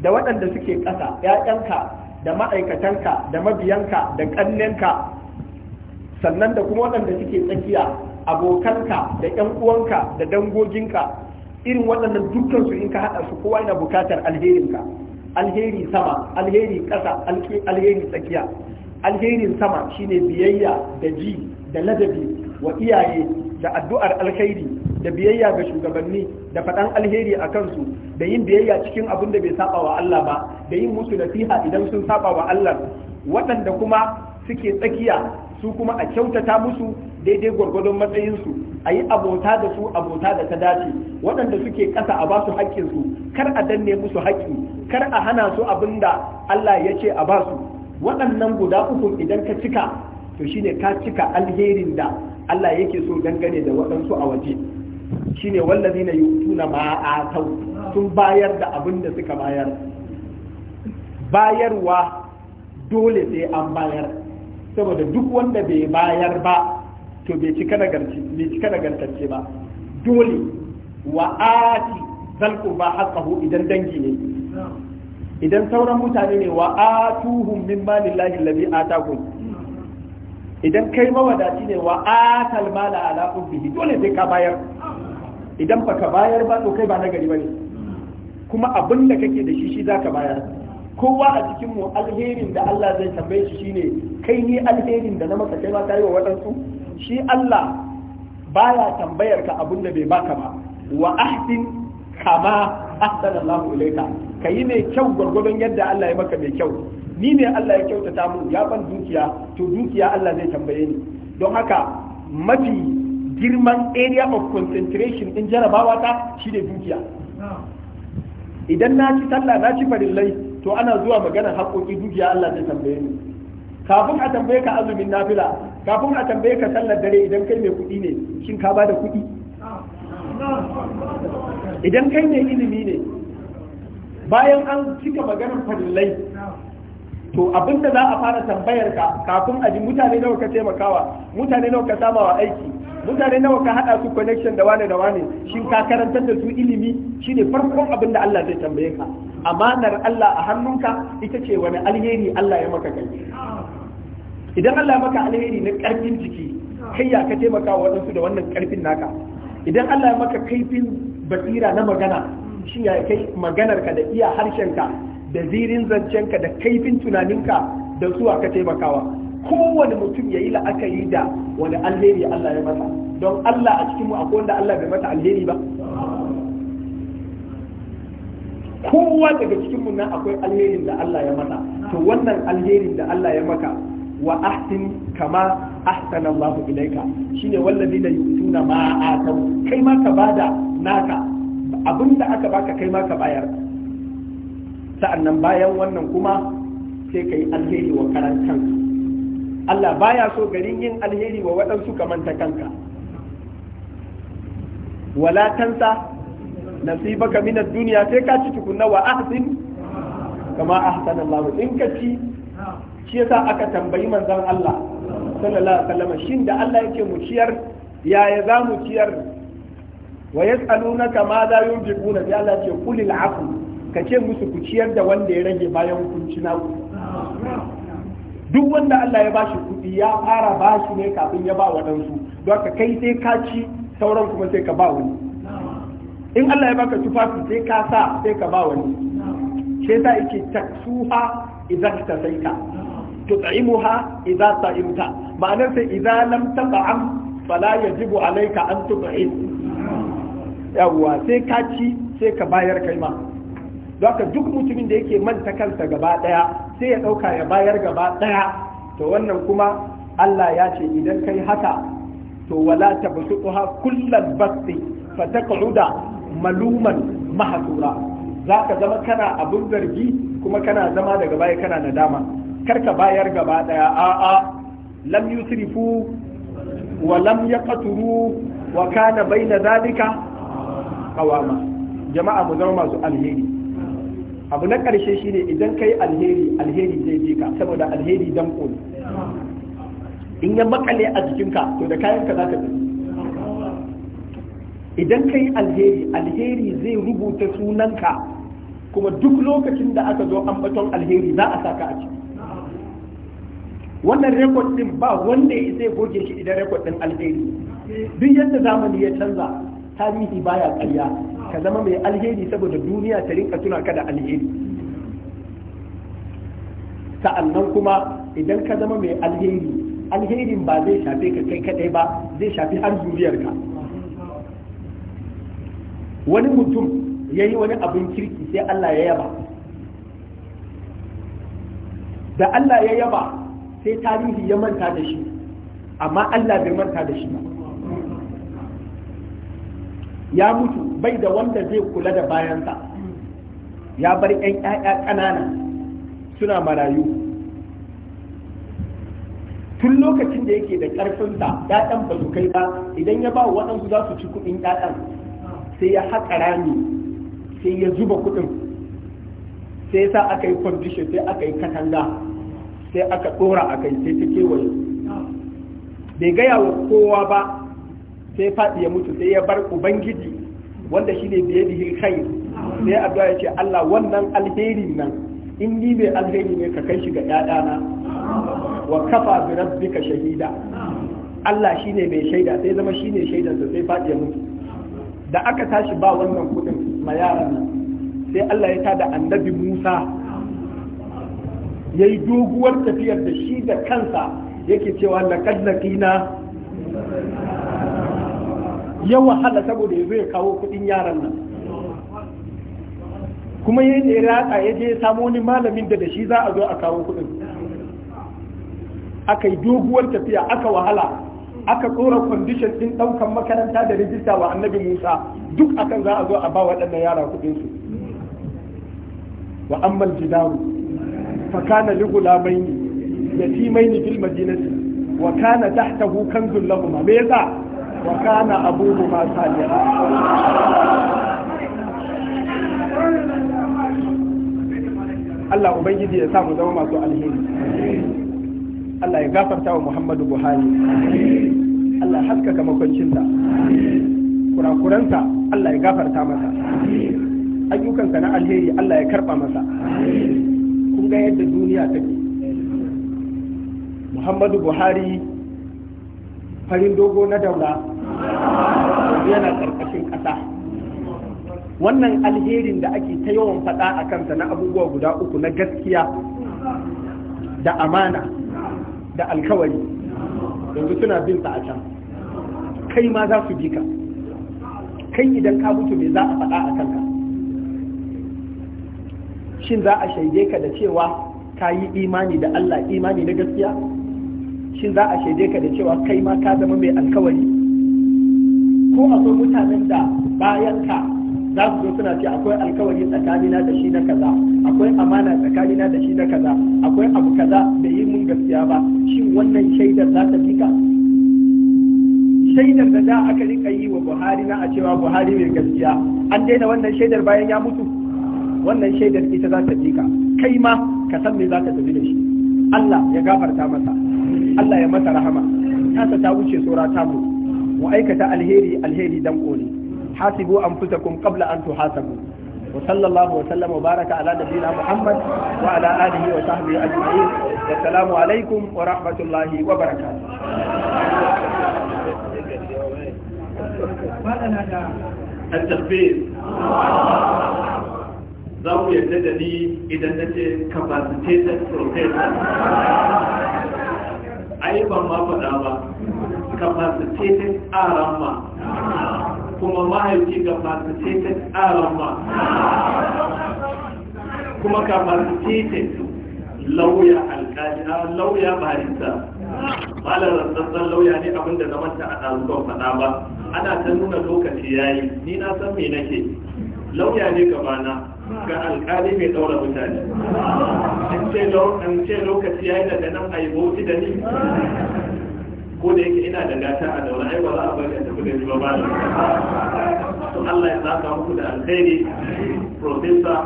da waɗanda suke ƙasa ‘ya'yanka da ma'aikatanka da mabiyanka da ƙannenka sannan da kuma waɗanda suke tsakiya abokanka da ƴan uwanka da dangoginka irin waɗannan dukkan su in ka haɗa su kowa yana bukatar alherinka alheri sama alheri ƙasa alheri tsakiya alherin sama shine biyayya da ji da ladabi wa iyaye da addu'ar alheri, da biyayya ga shugabanni da faɗan alheri a kansu da yin biyayya cikin abin da bai saba wa Allah ba da yin musu nasiha idan sun saba wa Allah waɗanda kuma suke tsakiya su kuma a kyautata musu daidai gwargwadon matsayinsu a yi abota da su abota da ta dace waɗanda suke ƙasa a ba su haƙƙinsu kar a danne musu haƙƙi kar a hana su abin da Allah ya ce a basu. waɗannan guda uku idan ka cika to shine ka cika alherin da Allah yake so dangane da waɗansu a waje shine yi yutuna ma sun bayar da abin da suka bayar bayarwa dole sai an bayar saboda duk wanda bai bayar ba to bai cika nagartacce ba dole wa ati zalku ba haqqahu idan dangi ne idan sauran mutane ne wa atuhum min malillahi allazi atakum idan kai mawadaci ne wa atal mala ala hubbihi dole sai ka bayar idan baka bayar ba to kai ba nagari bane kuma abin da kake da shi shi zaka bayar kowa a cikin mu alherin da Allah zai tambaye shi shine kai ni alherin da na masa kai ma yi wa waɗansu? shi Allah baya tambayar ka abin da bai baka ba wa ahdin kama ahsana Allah Ka kai ne kyau gwargwadon yadda Allah ya maka mai kyau ni ne Allah ya kyautata mu ya ban dukiya to dukiya Allah zai tambaye ni don haka mafi girman area of concentration in jarabawa ta shine dukiya idan na ci sallah na ci farillai to ana zuwa maganar haƙoƙi dukiya Allah zai tambaye ni kafin a tambaye ka azumin nafila kafin a tambaye ka sallar dare idan kai mai kuɗi ne shin ka bada kuɗi idan kai mai ilimi ne bayan an cika maganar fadilai to abin da za a fara tambayar ka kafin a ji mutane nawa ka taimakawa mutane nawa ka samawa aiki mutane nawa ka hada su connection da wane da wane shin ka karantar da su ilimi shine farkon abin da Allah zai tambaye ka amanar Allah a hannunka ita ce wani alheri Allah ya maka kai idan Allah ya maka alheri na karfin jiki kai ya ka taimaka wa wadansu da wannan karfin naka idan Allah ya maka kaifin basira na magana shi ya kai maganar ka da iya harshen ka da zirin zancenka da kaifin tunaninka da zuwa ka taimakawa kowane mutum ya yi la'akari da wani alheri Allah ya mata don Allah a cikin mu akwai wanda Allah bai mata alheri ba kowa daga cikin mu nan akwai alherin da Allah ya mata to wannan alherin da Allah ya maka wa ahsin kama ahsana Allahu ilaika shine wallazi la yutuna ma atam kai ma ka bada naka abinda aka baka kai ma ka bayar sa'annan bayan wannan kuma sai ka yi alheri wa karan kanka Allah baya so garin yin alheri wa waɗansu ka manta kanka wala tansa nasibaka min ad-dunya sai ka ci tukunna wa ahsin kama ahsana Allah in ka ci shi yasa aka tambayi manzon Allah sallallahu alaihi wasallam shin da Allah yake mu ciyar yaya za mu ciyar wa yas'alunaka ma za yunfiquna sai Allah ce qulil afu ka ce musu ku ciyar da wanda ya rage bayan kun ci naku duk wanda Allah ya bashi kuɗi ya fara bashi ne kafin ya ba waɗansu don ka kai sai ka ci sauran kuma sai ka ba wani in Allah ya baka tufafi sai ka sa sai ka ba wani sai ta yake taksuha idan ta sai ka tut'imuha idan imta ma'anar sai idan lam tat'am fala yajibu alayka an tut'im yawwa sai ka ci sai ka bayar kai ma haka duk mutumin da yake manta kansa gaba daya sai ya ɗauka ya bayar gaba daya to wannan kuma Allah ya ce idan kai haka to wala tabsutuha kullal basti fataq'uda maluman za zaka zama kana abun zargi kuma kana zama daga baya kana nadama karka bayar gaba ɗaya, a a lam yusrifu wa lam yaqturu wa kana baina zalika qawama jama'a mu zama masu alheri abu na ƙarshe shine idan ka yi alheri alheri zai je ka saboda alheri dan ne in ya makale a jikinka to da kayan za ka tafi idan ka yi alheri alheri zai rubuta sunanka kuma duk lokacin da aka zo ambaton alheri za a saka a ciki wannan rekod din ba wanda zai goge shi idan rekod din alheri duk yadda zamani ya canza tarihi baya ƙarya ka zama mai alheri saboda duniya ta rinka tuna ka da alheri sa'annan kuma idan ka zama mai alheri alherin ba zai shafe ka kai kadai ba zai shafi har zuriyarka wani mutum ya yi wani abin kirki sai Allah ya yaba da Allah ya yaba sai tarihi ya manta da shi amma Allah bai manta da shi ba ya mutu bai da wanda zai kula da bayansa ya bar 'yan 'ya'ya ƙanana suna marayu tun lokacin da yake da ƙarfinsa 'ya'yan ba su kai ba idan ya ba waɗansu za su ci kuɗin 'ya'yan sai ya haƙa rami sai ya zuba kuɗin sai sa aka yi kwandishin sai aka yi katanga sai aka ɗora a kai sai ta kewaye bai gaya wa kowa ba sai faɗi ya mutu sai ya bar ubangiji wanda shine biye da hilkai sai addu'a ya ce Allah wannan alherin nan in ni mai alheri ne ka kai shi ga ƴaƴana wa kafa bi rabbika shahida Allah shine mai shaida sai zama shine shaidan sai faɗi ya mutu da aka tashi ba wannan kudin ma yaran sai Allah ya tada annabi Musa yayi doguwar tafiyar da shi da kansa yake cewa laqad laqina ya wahala saboda ya zo ya kawo kuɗin yaran nan kuma ya yi rata ya je ya samo wani malamin da da shi za a zo a kawo kuɗin aka yi doguwar tafiya aka wahala aka tsora kwandishin ɗin ɗaukan makaranta da rijista wa annabi musa duk akan za a zo a ba waɗannan yara kuɗinsu wa ammal jidaru fa kana li gulamaini yatimaini fil madinati wa kana tahtahu kanzul lahum me yasa wa kana abuhuma salira Allah ubangiji ya samu zama masu alheri Allah ya gafarta wa Muhammadu Buhari Allah ya haskaka makwancinsa kurakuranta Allah ya gafarta masa ayyukansa na alheri Allah ya karba masa kun ga yadda duniya ke. Muhammadu Buhari farin dogo na daula yana ƙarƙashin ƙasa wannan alherin da ake ta yawan faɗa a kansa na abubuwa guda uku na gaskiya da amana da alkawari yanzu suna bin sa a can kai ma za su bi ka kai idan ka mutu me za a faɗa a kanka shin za a shaide ka da cewa ka yi imani da Allah imani na gaskiya shin za a shaide ka da cewa kai ma ka zama mai alkawari ko akwai mutanen da bayan ka za su zo suna ce akwai alkawari tsakanina da shi na kaza akwai amana tsakanina da shi na kaza akwai abu kaza da yi mun gaskiya ba shin wannan shaidar za ta fika shaidar da za aka rika yi wa buhari na a cewa buhari mai gaskiya an daina wannan shaidar bayan ya mutu wannan shaidar ita za ta fika kai ma ka san me za ka tafi da shi Allah ya gafarta masa Allah ya masa rahama Kasa ta wuce tsora ta mutu mu aikata alheri alheri dan kone hasibu anfusakum qabla an tuhasabu wa sallallahu wa sallama wa baraka ala nabiyina muhammad wa ala alihi wa sahbihi ajma'in assalamu alaikum wa rahmatullahi wa za mu yarda da ni idan na ce capacitated professor ai ban ba capacitated arama kuma mahaifi capacitated arama kuma capacitated lauya alƙali lauya barista malar rantsatsen lauya ne abinda ta a ɗazukan faɗa ba ana ta nuna lokaci yayi ni na san me nake lauya ne gabana ga alƙali mai ɗaura mutane in ce lokaci yayi daga nan a yi da ni ko da yake ina da gata a daura ai ba za a bari a tafi da ni ba ba to Allah ya saka muku da alkhairi professor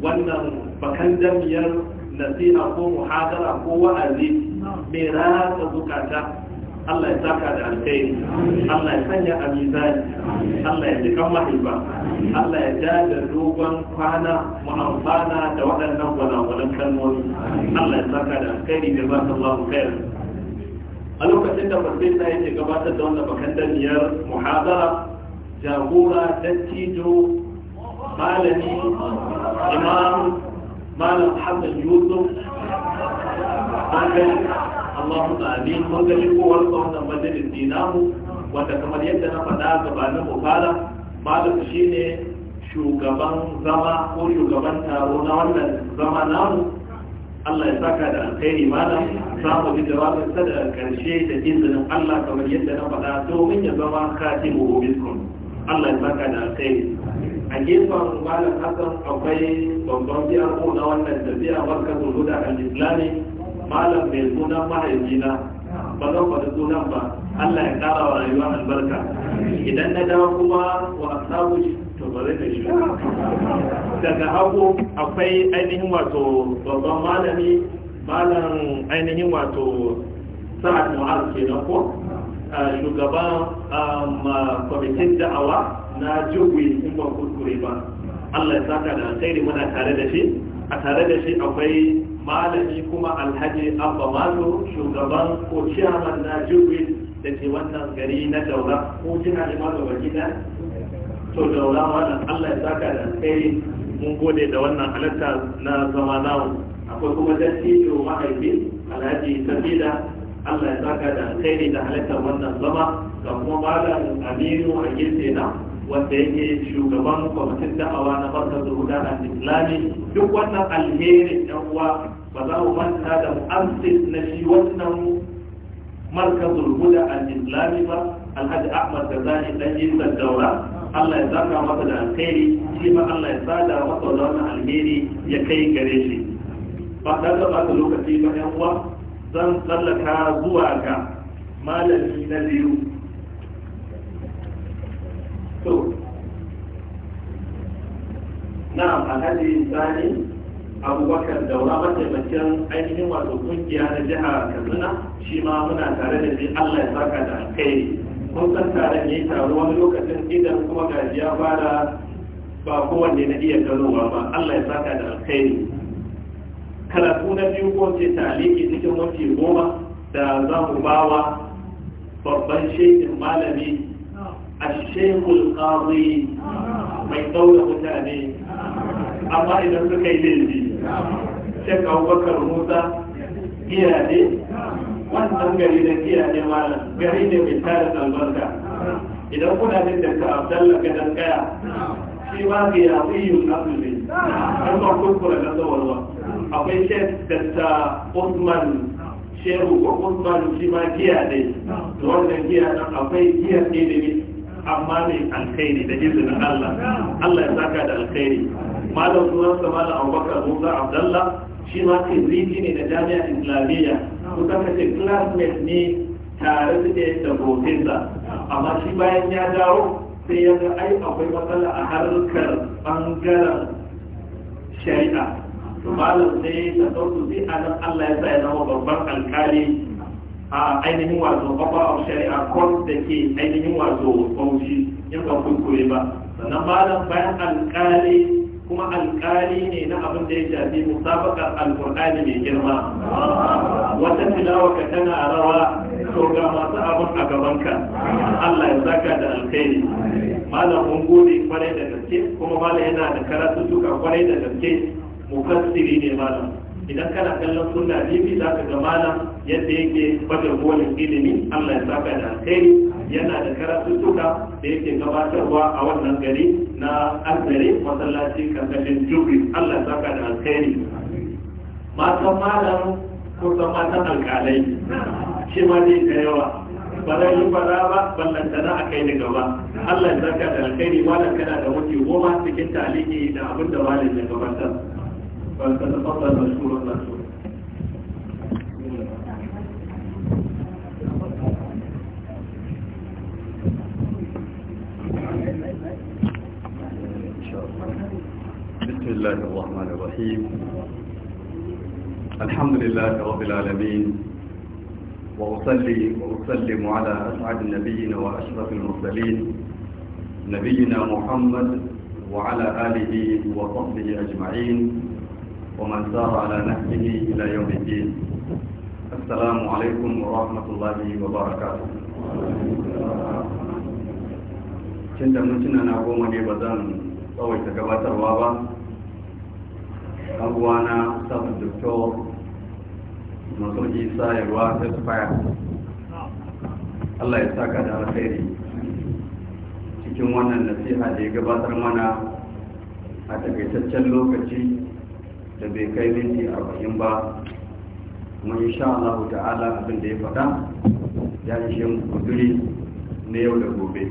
wannan bakan jamiyar nasiha ko muhadara ko wa'azi mai ratsa zukata Allah ya saka da alkhairi Allah ya sanya a mizani Allah ya jikan mahaifa Allah ya ja da dogon kwana mu amfana da waɗannan gwanagwanan kalmomi Allah ya saka da alkhairi da ba ta Allah a lokacin da mutum na yake gabatar da wannan bakandamiyar muhadara jagora dattijo malami imam malam hassan yusuf bangare allahu ta'ali mun ga shigowar wannan majalisi dinamu wanda kamar yadda na faɗa gabanin bukala malam shine shugaban zama ko shugaban taro na wannan zama namu Allah ya saka da alkhairi malam za mu jawabin sa da karshe da izinin Allah kamar yadda na faɗa domin ya zama katimu biskum Allah ya saka da alkhairi a gefen malam Hassan akwai babban biyar ko na wannan tafiya markazin huda al-islami malam mai suna mahaifina ba zan faɗi sunan ba Allah ya ƙara wa rayuwa albarka idan na dawo kuma wa asabu to bare da shi daga hagu akwai ainihin wato babban malami malam ainihin wato sa'ad mu'az na ko shugaban kwamitin da'awa na jirgin in ba kurkure ba Allah ya saka da da muna tare da shi a tare da shi akwai malami kuma alhaji abba mazo shugaban ko ciyaman na jirgin da ke wannan gari na daura ko kina da mazo baki na to daura wannan Allah ya saka da kai mun gode da wannan halatta na zama nawo akwai kuma dattijo mahaifi alhaji sabida Allah ya saka da alkhairi da halittar wannan zama ga kuma bada Aminu a gefe na wanda yake shugaban kwamitin da'awa na barkar zuhuda na islami duk wannan alherin yan uwa ba za mu manta da mu'amsis na shi wannan markazul huda al-islami ba alhaji ahmad da zani dan jinsan daura Allah ya saka masa da alkhairi shi ma Allah ya sada masa da wannan alheri ya kai gare shi ba da ta bata lokaci ba yan uwa zan tsallaka zuwa ga malami na biyu to na alhaji zani abubakar daura mataimakin ainihin wato kungiya na jiha kaduna shi ma muna tare da shi allah ya saka da alkai Mun san tare ya taro wani lokacin idan kuma gajiya ba da ba kowanne na iya ganowa ba allah ya saka da alkai karatu na biyu ko ce taliki cikin mafi goma da za mu bawa babban shekin malami a shekul ƙari mai ɗaura mutane amma idan suka yi laifi shek bakar musa iyale wannan gari da iyale malam gari ne mai da albarka idan kuna jin da ka abdalla ga dan kaya shi ba ga ya fi yin abdulli an ba kurkura na tsawarwa akwai shek dakta usman shehu ko usman shi ma giya ne da wannan giya na akwai giya ne da amma mai alkhairi da izinin allah allah ya saka da alkhairi malam sunansa malam abubakar musa abdallah shi ma kiziki ne da jami'a islamiyya ka kace classmate ne tare ne da profesa amma shi bayan ya dawo sai ya ga ai akwai matsala a harkar bangaren shari'a to malam sai ta sautu sai a nan allah ya sa ya zama babban alkali a ainihin wato a shari'a court da ke ainihin wato bauchi in kuskure ba sannan malam bayan alkali kuma alƙali ne na abin da ya shafi musabakar alƙur'ani mai girma wata ka tana rawa to ga masu abin a gabanka Allah ya zaka da alkhairi malam mun gode kwarai da gaske kuma malam yana da karatu suka kwarai da gaske mufassiri ne malam idan kana kallon sunna tv za ka ga malam yadda yake fadar gonin ilimi allah ya saka da alkhairi yana da karatuttuka da yake gabatarwa a wannan gari na azare masallaci kankashin jubri allah ya saka da alkhairi matan malam kusan matan alkalai shi ma ne da yawa ba zai yi fara ba ballanta na a kai ne gaba allah ya saka da alkhairi malam kana da wuce goma cikin taliki da abin da malam ya gabatar فلتتفضل مشكورا مشكورا بسم الله الرحمن الرحيم الحمد لله رب العالمين وأصلي وأسلم على أسعد نبينا وأشرف المرسلين نبينا محمد وعلى آله وصحبه أجمعين ومن سار على نهجه إلى يوم الدين السلام عليكم ورحمة الله وبركاته cin mutuna na goma ne ba zan tsawaita gabatarwa ba abuwa na sabon doktor masu isa yarwa ta spire allah ya saka da alkhairi cikin wannan nasiha da ya gabatar mana a takaitaccen lokaci da bai kai minti a bayan ba kuma insha Allah ta'ala abin da ya faɗa ya yi shi kuduri na yau da gobe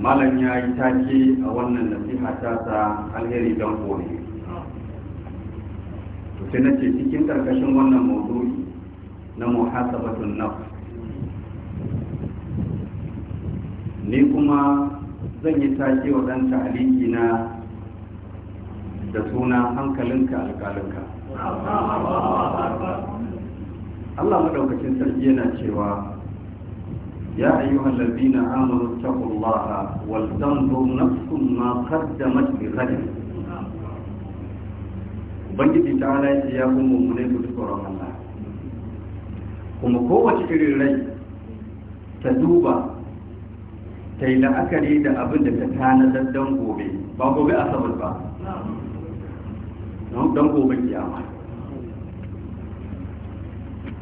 malam ya yi taki a wannan nasiha ta ta alheri don kone to sai nace cikin karkashin wannan maudu'i na muhasabatun nafs ni kuma zan yi taki wa dan ta'aliki na da suna hankalinka alƙalinka Allah maɗaukacin sarki yana cewa ya ayyuhan na amuru taqullaha wal tanzur na ma qaddamat li ghadin ubangiji ta ala ya ya kuma mummunai ku tsoron Allah kuma kowace irin rai ta duba ta yi la'akari da abin da ta tanadar don gobe ba gobe asabar ba don gobe kiyama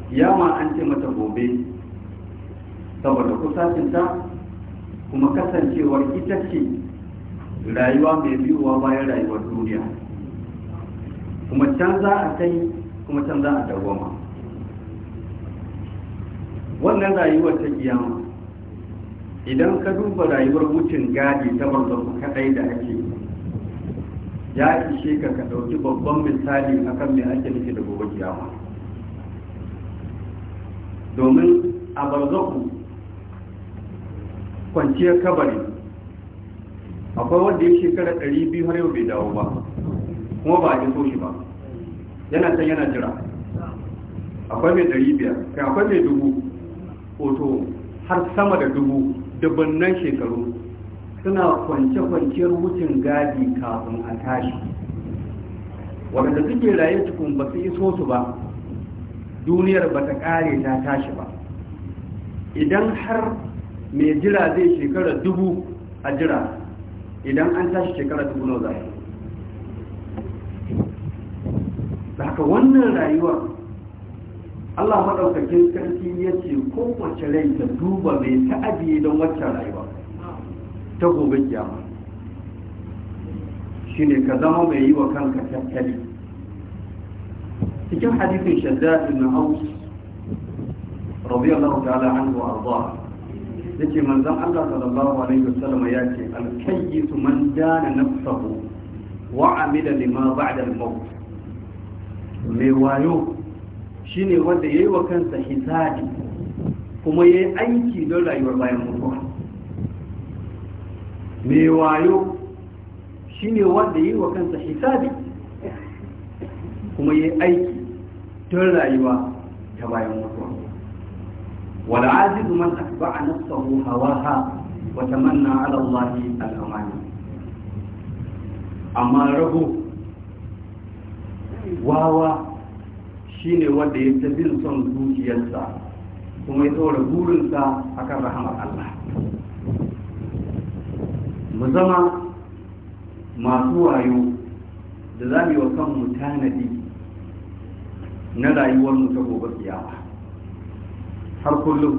kiyama an ce mata gobe saboda kusacinta kuma kasancewar ita ce rayuwa mai biyuwa bayan rayuwar duniya kuma can za a kai kuma can za a dawoma wannan rayuwar ta kiyama idan ka duba rayuwar wucin gadi ta barzaku kadai da ake ya ishe ka ka ɗauki babban misali akan mai ake nufi da gobe kiyama domin a barzaku kwanciyar kabari akwai wanda ya shekara 200 har yau bai dawo ba kuma ba a ji shi ba yana can yana jira akwai mai biyar kai akwai mai dubu hoto har sama da dubu dubannan shekaru suna kwance-kwanciyar wucin gadi kafin a tashi wanda suke raye cikin ba su iso su ba duniyar ba ta kare ta tashi ba idan har mai jira zai shekara dubu a jira idan an tashi shekara dubu na zai ka wannan rayuwar Allah maɗaukakin sarki ya ce kowace rai ta duba mai ta'adi don wacce rayuwa ta gobe kiyama shine ka zama mai yi wa kanka tattali cikin hadisin shaddad ibn aus radiyallahu ta'ala anhu arda ce manzan Allah sallallahu alaihi wasallam ya ce al-kayyisu man dana nafsahu wa amila lima ba'da al-maut mai wayo shine wanda yayi wa kansa hisabi kuma yayi aiki don rayuwar bayan mutuwa mai wayo shi ne wanda yi wa kansa hisabi kuma yi aiki don rayuwa ta bayan mutuwa wal aziz man atba'a nafsahu ko wa tamanna ala Allah al al'amani. amma rago wawa shine wanda ya tafi son zuciyarsa kuma ya tsora burinsa akan rahama Allah mu zama masu wayo da za mu yi wa kanmu tanadi na rayuwar mu ta gobe kiyama har kullum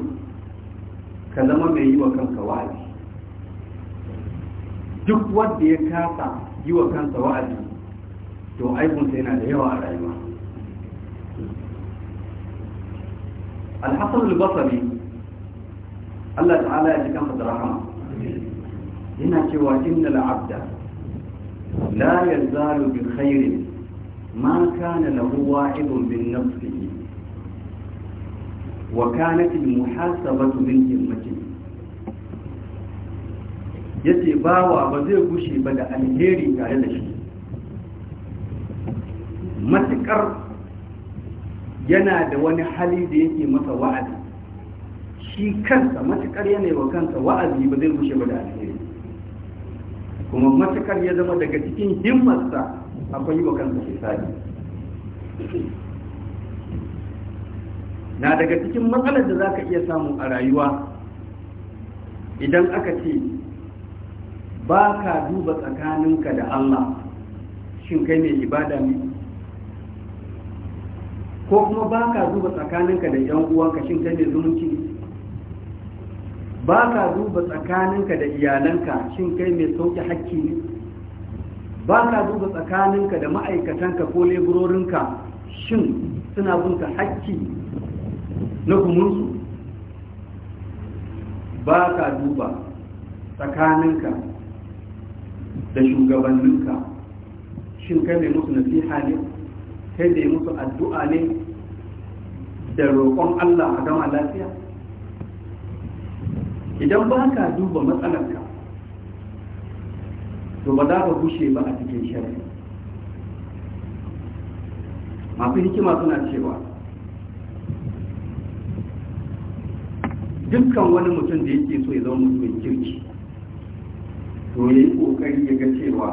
ka zama mai yi wa kanka wa'azi duk wanda ya kasa yi wa kansa wa'azi to aikunsa yana da yawa a rayuwa alhassan al Allah ta'ala ya ji kansa da rahama yana cewa innal abda la yazalu bi khairin ma kana lahu wa'idun bin nafsihi wa kanat al muhasabatu min himmatihi yace bawa ba zai gushe ba da alheri tare da shi matukar yana da wani hali da yake masa wa'azi shi kansa matukar yana wa kansa wa'azi ba zai gushe ba da alheri kuma matukar ya zama daga cikin himmarsa akwai wa kansa hisabi na daga cikin matsalar da za ka iya samu a rayuwa idan aka ce ba ka duba tsakaninka da Allah shin kai mai ibada ne ko kuma ba ka duba tsakaninka da yan uwanka shin kai mai zumunci ne ba ka duba tsakaninka da iyalanka shin kai mai sauƙi hakki ne ba ka duba tsakaninka da ma'aikatanka ko leburorinka shin suna bunta hakki na gumunsu ba ka duba tsakaninka da shugabanninka shin kai mai musu nasiha ne kai mai musu addu'a ne da roƙon Allah a gama lafiya idan ba ka duba matsalarka to ba za ka gushe ba a cikin shari'a masu hikima suna cewa dukkan wani mutum da yake so ya zama mutumin kirki to ya yi kokari ya ga cewa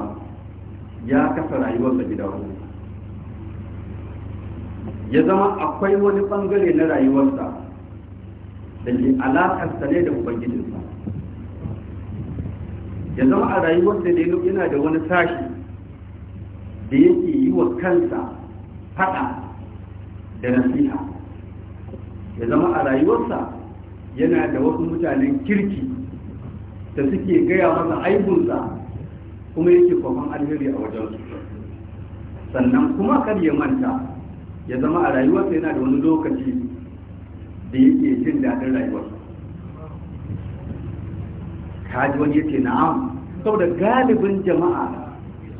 ya kasa rayuwarsa gida ya zama akwai wani bangare na rayuwarsa da ke alakarsa ne da ubangijinsa ya zama a rayuwarsa da yana da wani sashi da yake yi wa kansa fada da nasiha ya zama a rayuwarsa yana da wasu mutanen kirki da suke gaya masa aibunsa kuma yake kwafan alheri a wajensu sannan kuma kar ya manta ya zama a rayuwarsa yana da wani lokaci da yake jin daɗin rayuwarsa ji wani yace na'am saboda galibin jama'a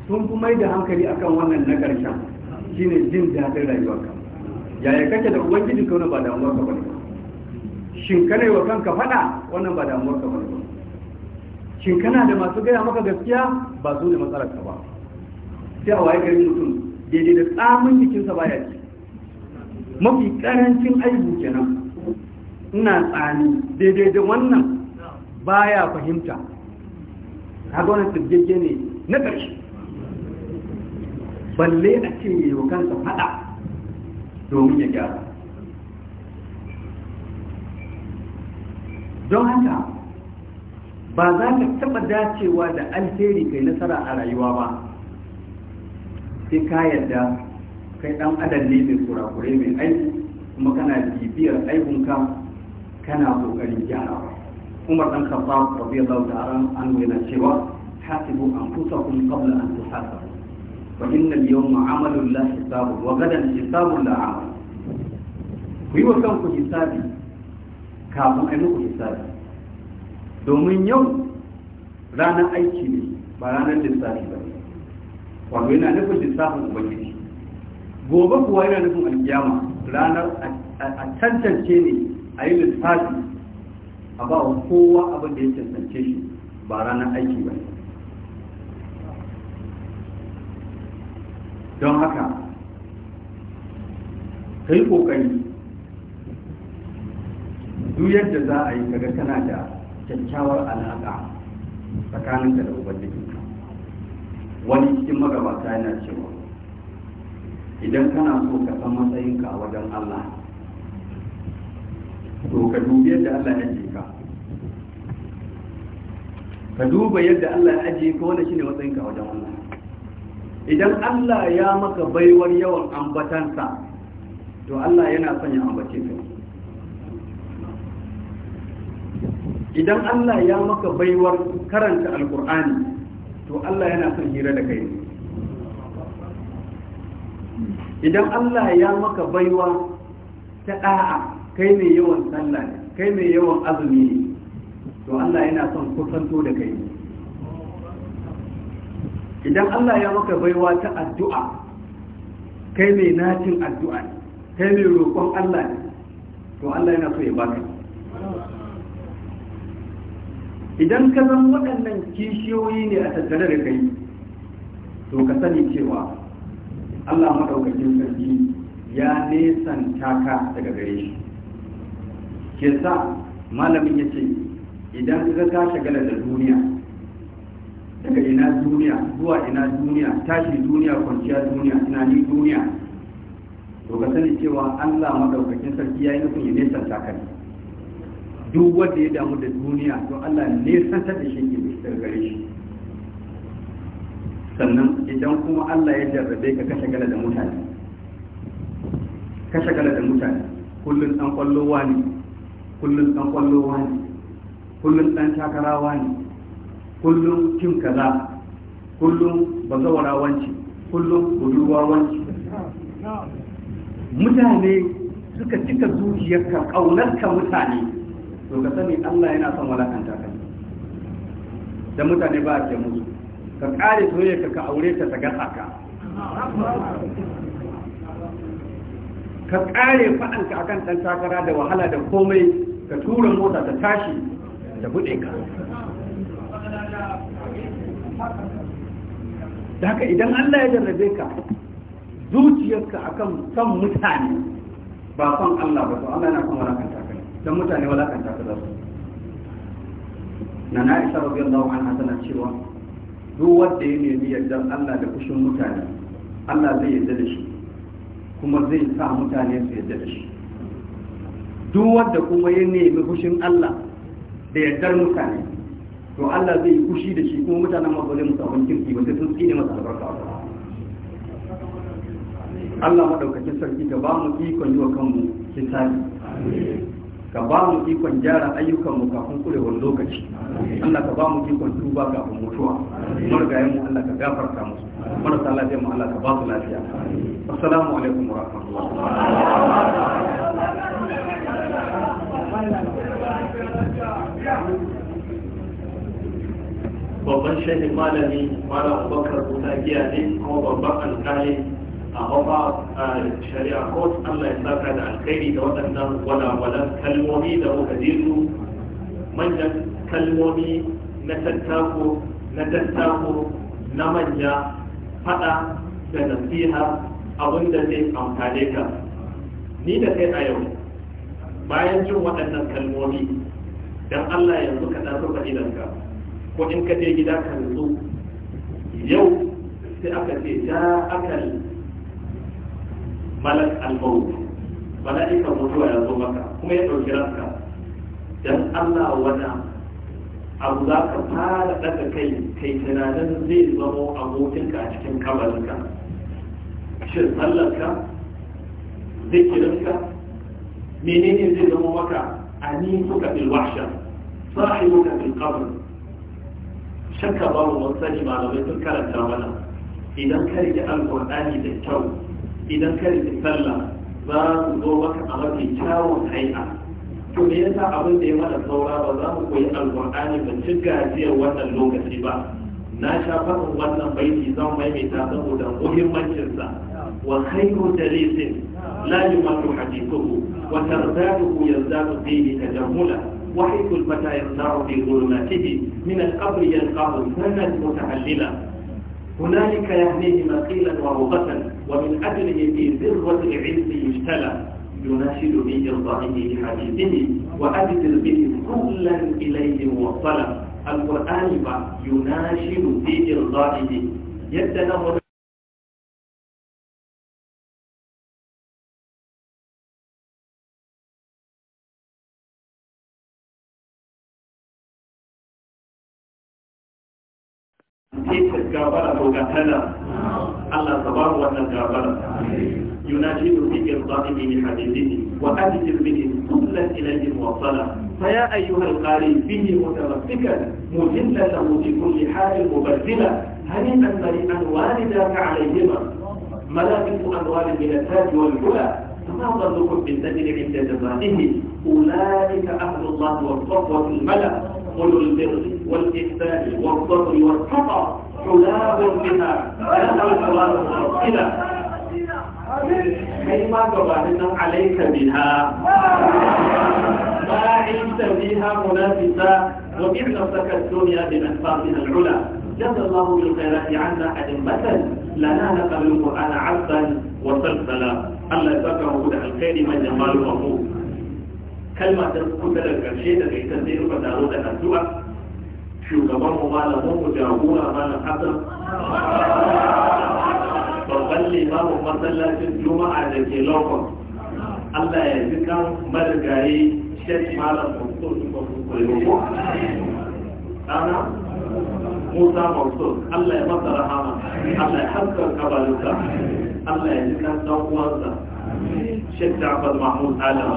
sun fi mai da hankali akan wannan na ƙarshen shine jin daɗin rayuwarka yaya kake da ubangiji kauna ba damuwar ka bane shin kana wa kanka fada wannan ba damuwar ka bane shin kana da masu gaya maka gaskiya ba su ne matsalar ka ba sai a waye gari mutum daidai da tsamin jikinsa baya ci mafi karancin aibu kenan ina tsani daidai da wannan ba ya fahimta kaga wannan tsirgege ne na ƙarshe balle a ce yi wa kansa fada domin ya gyara don haka ba za ka taɓa dacewa da alheri kai nasara a rayuwa ba sai ka yarda kai ɗan adalci mai kurakure mai aiki kuma kana bibiyar aikunka kana kokarin gyarawa umar dan khattab radiyallahu ta'ala anhu yana cewa hasibu anfusakum qabla an tuhasabu fa inna al-yawma 'amalun la hisabu wa gadan hisabun la 'amal ku yi wa kanku hisabi kafin a muku hisabi domin yau ranar aiki ne ba ranar lissafi ba wato yana nufin lissafin ubangiji gobe kuwa yana nufin alkiyama ranar a tantance ne Ayi yi lissafi a ba kowa abin da ya cancance shi ba ranar aiki ba don haka ka yi duk yadda za a yi kaga tana da kyakkyawar alaƙa tsakaninka da ubangijinka wani cikin magabata yana cewa idan kana so ka san matsayinka a wajen allah to ka dubi yadda Allah ya ajiye ka ka duba yadda Allah ya ajiye ka wanda shine matsayin ka wajen Allah idan Allah ya maka baiwar yawan ambatansa to Allah yana son ya ambace ka idan Allah ya maka baiwar karanta alkur'ani to Allah yana son hira da kai idan Allah ya maka baiwa ta da'a kai mai yawan sallah ne kai mai yawan azumi ne to Allah yana son kusanto da kai idan Allah ya maka baiwa ta addu'a kai mai nacin addu'a ne kai mai roƙon Allah ne to Allah yana so ya baka idan ka zan waɗannan kishiyoyi ne a tattare da kai to ka sani cewa Allah maɗaukakin sarki ya nesanta ka daga gare shi ke sa malamin ya ce idan ka ka shagala da duniya daga ina duniya zuwa ina duniya tashi duniya kwanciya duniya ina ni duniya to ka sani cewa allah maɗaukakin sarki ya yi nufin ya nesan takari duk wanda ya damu da duniya to allah nesantar da shi ke daga gare shi sannan idan kuma allah ya jarrabe ka kashe gala da mutane ka gala da mutane kullum ɗan ƙwallowa ne kullum ɗan ƙwallowa ne kullum ɗan takarawa ne kullum cin kaza kullum bazawara wanci kullum budurwa wanci mutane suka cika zuciyarka ƙaunarka mutane to ka sani Allah yana son walakanta ka da mutane ba a ce musu ka ƙare soyayya ka aure ta ta gasa ka ka ƙare faɗanka akan ɗan takara da wahala da komai ka tura mota ta tashi ta buɗe ka da haka idan Allah ya jarrabe ka zuciyarka akan kan mutane ba son Allah ba to Allah yana son walakanta ka don mutane walakanta ka za su na na isa radiyallahu anha tana cewa duk wanda ya nemi yardan Allah da kushin mutane Allah zai yarda da shi kuma zai sa mutane su yarda da shi duk wanda kuma ya nemi fushin Allah da yardar mutane to Allah zai fushi da shi kuma mutanen masu zai musa wani kirki wanda sun tsine masa albarka wa Allah madaukakin sarki ka ba mu ikon yi wa kanmu hisabi ka ba mu ikon gyara ayyukanmu kafin kurewar lokaci Allah ka ba mu ikon tuba kafin mutuwa marigayen mu Allah ka gafarta musu marasa lafiya mu Allah ka ba su lafiya assalamu alaikum wa rahmatullahi babban shehin malami malam abubakar buta giya ne kuma babban alkali a hoba shari'a court allah ya saka da alkhairi da waɗannan walawalan kalmomi da muka ji su manyan kalmomi na tattako na tattako na manya fada da nasiha abinda zai amfane ka ni da kai a yau bayan jin waɗannan kalmomi don Allah yanzu ka dan rufe idanka ko in ka je gida ka nutsu yau sai aka ce ja akal malak al-maut mala'ika mutuwa ya zo maka kuma ya ɗauki ranka Don Allah wana abu za ka fara ɗaga kai kai tunanin zai zamo abokinka a cikin kabarinka shin sallarka zikirinka menene zai zama maka suka anisuka bil wahsha sahibuka bil qabr shakka ba mu wasu shi malamai sun karanta mana idan ka rike alqur'ani da kyau idan ka rike sallah za su zo maka a mafi kyawun hai'a to me yasa abin da ya mana saura ba za mu koyi alqur'ani ba ci gajiyar wannan lokaci ba na sha faɗin wannan baiti zan maimaita saboda muhimmancinsa wa khairu jalisin لا يمل حديثه وترداده يزداد فيه تجملا وحيث المتى يصدع في ظلماته من القبر يلقاه سنة متعللا هنالك يهنيه مقيلا ورغة ومن أجله في ذروة العز يجتلى يناشد في إرضائه لحديثه وأبدل به كلا إليه موصلا القرآن يناشد في إرضائه يتنور تلك الجابرة وقتلا الله تبارك وتعالى يناشد بك الظالم بحديثه وأبشر به كل إليه وصلا فيا أيها القارئ به متمسكا مجلا له في كل حال مبذلا هنيئا مريئا والداك عليهما ملابس أنوار من التاج والعلا فما ظنكم بالنجل عند جزائه أولئك أهل الله والصفوة الملأ قل البر والإحسان والصبر والخطأ حلاب بها أسأل الله إلى كلمة قبلنا عليك بها ما عشت فيها منافسة وبع نفسك الدنيا بمنفاتها العلى جزا الله بالخيرات عنا أئمة لنا نقل القرآن عبدا وسلسلا الله يذكر هدى الخير من يقال وقوف kalma ta rubuta daga karshe daga ita sai rufa taro da addu'a shugaban mu malamin mu jagora malam hasan babban limamin masallacin juma'a da ke lokon Allah ya ji kan marigayi shek malam mansur kulmuko ana musa mansur Allah ya masa rahama Allah ya haskar kabalinsa Allah ya ji kan dan uwansa شد عبد محمود آدم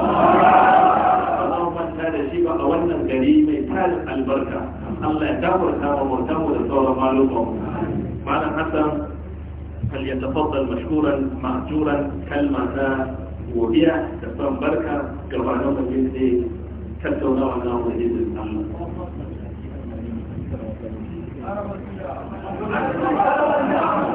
اللهم هذا شيء بقى وانا الكريم يتحال البركة الله يتحول هذا مرتبول الثورة معلومة معنا حسن فليتفضل مشكورا معجورا كلمة وهي تفضل بركة كلمة نوم الجنسي كلمة نوم الله Allah'a emanet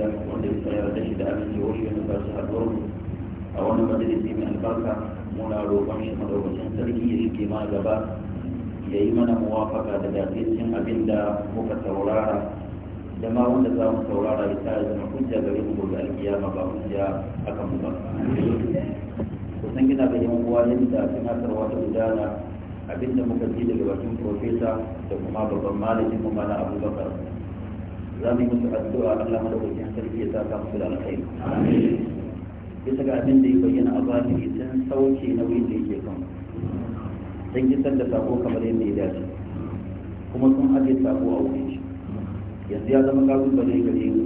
lafiya wanda ya tsayar da shi da aminci wani yana basu su haɗuwar a wani majalisi mai albarka muna roƙon shi madaukakin sarki ya shige ma gaba ya yi mana muwafaka da dafiyacin abin da muka saurara da ma wanda za mu saurara ya sa ya zama hujja gare mu gobe alkiyama ba hujja akan mu ba kusan gina da yan uwa yadda tunatarwa ta gudana abinda muka ji daga bakin profesa da kuma babban malamin mu mana abubakar za mu yi musu addu'a Allah madaukakin sarki ya saka musu da alkhairi bisa ga abin da ya bayyana a bani sun sauke nauyin da yake kan sun ki da sako kamar yadda ya dace kuma sun ajiye sako a wurin shi yanzu ya zama kalubale gare mu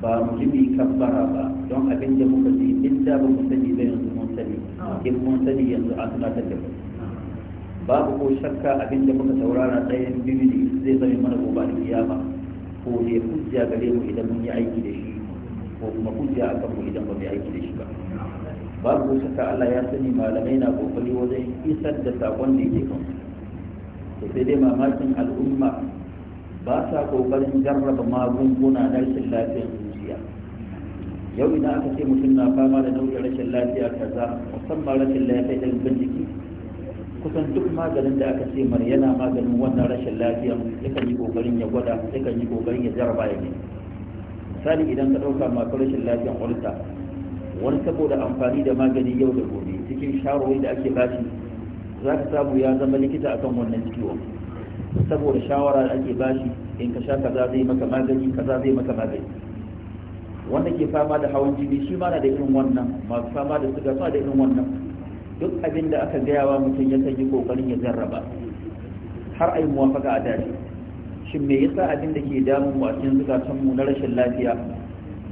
ba mu ji mu kabbara ba don abin da muka ji in da ba mu sani ba yanzu mun sani in mun sani yanzu an tunatar da mu babu ko shakka abin da muka saurara ɗayan bibili zai zama mana gobe da kiyama ko ne kujja gare mu idan mun yi aiki da shi ko kuma kujja a kanmu idan ba mu yi aiki da shi ba babu saka Allah ya sani malamai na kokari wajen isar da sakon da yake kan to sai dai mamakin al'umma ba sa kokarin jarraba magunguna na rashin lafiyar zuciya yau idan aka ce mutum na fama da nau'in rashin lafiya kaza musamman rashin lafiyar gangan jiki kusan duk maganin da aka ce mar yana maganin wannan rashin lafiya yakan yi kokarin ya gwada yakan yi kokarin ya jarraba ya ne misali idan ka ɗauka masu rashin lafiyan ulta wani saboda amfani da magani yau da gobe cikin shawarwari da ake bashi za ka samu ya zama likita akan wannan ciwon saboda shawara da ake bashi in ka sha kaza zai maka magani kaza zai maka magani wanda ke fama da hawan jini shi ma na da irin wannan masu fama da suga suna da irin wannan duk abin da aka gaya wa mutum ya yi kokarin ya jarraba har a yi muwafaka a dace shin me yasa abin da ke damun wakin zukatan mu na rashin lafiya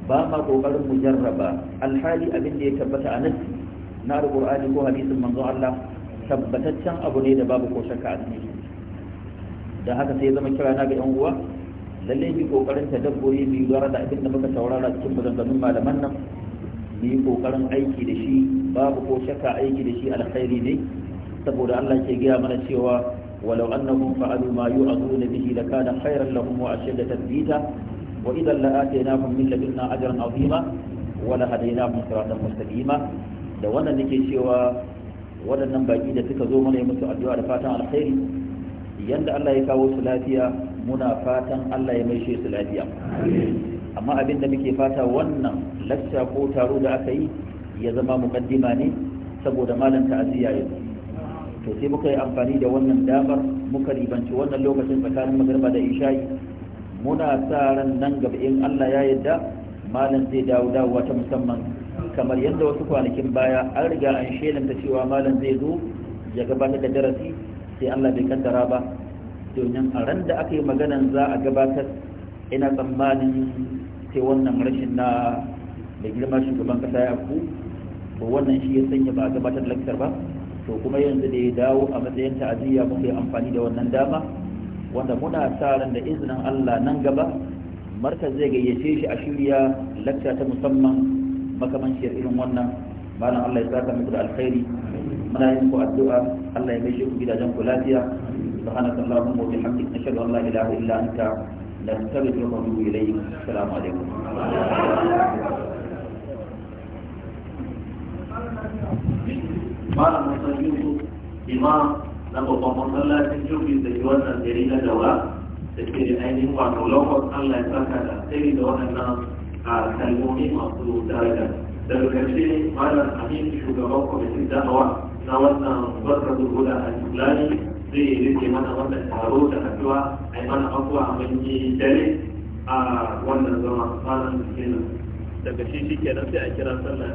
ba ma kokarin mu jarraba alhali abin da ya tabbata a nan na alqur'ani ko hadisin manzo Allah tabbataccen abu ne da babu ko shakka a cikin da haka sai zama kira na ga yan uwa lalle bi kokarin tadabburi bi gara da abin da muka taurara cikin maganganun malaman nan mu yi kokarin aiki da shi babu ko shakka aiki da shi alkhairi ne saboda Allah ke gaya mana cewa walau annahum fa'alu ma yu'aduna bihi lakana khairan lahum wa ashadda tathbita wa idan la'atainahum min ladunna ajran azima wa lahadainahum siratan mustaqima da wannan nake cewa waɗannan baki da suka zo mana yi musu addu'a da fatan alkhairi yanda Allah ya kawo su lafiya muna fatan Allah ya maishe su lafiya amma abin da muke fata wannan lacca ko taro da aka yi ya zama mukaddima ne saboda malam ta'aziyya ya to sai muka yi amfani da wannan damar muka ribanci wannan lokacin tsakanin magarba da isha'i muna sa ran nan gaba in Allah ya yarda malam zai dawo dawowa ta musamman kamar yadda wasu kwanakin baya an riga an ta cewa malam zai zo ya gabatar da darasi sai Allah bai kaddara ba domin a ran da aka yi maganan za a gabatar ina tsammanin sai wannan rashin na da girma shugaban kasa ya afku to wannan shi ya sanya ba a gabatar lakcar ba to kuma yanzu da ya dawo a matsayin ta'aziyya muka yi amfani da wannan dama wanda muna sa ran da izinin Allah nan gaba markaz zai gayyace shi a shirya lakta ta musamman makamanciyar irin wannan malam Allah ya saka muku da alkhairi muna yin ku addu'a Allah ya mai shi ku gidajen ku lafiya subhanaka allahumma wa bihamdika nashhadu an la ilaha illa anta nastaghfiruka wa natubu ilayk assalamu malam musan yusuf imam na babban masallacin jirgin da ke wannan gari na daura da ke da ainihin wato lokacin allah ya saka da tsiri da waɗannan kalmomi masu daraja daga ƙarshe malam amin shugaban kwamitin da'awa na wannan barka da a islami zai rike mana wannan taro da addu'a a yi mana abuwa a manyi dare a wannan zama malam da daga shi shi kenan sai a kira sallah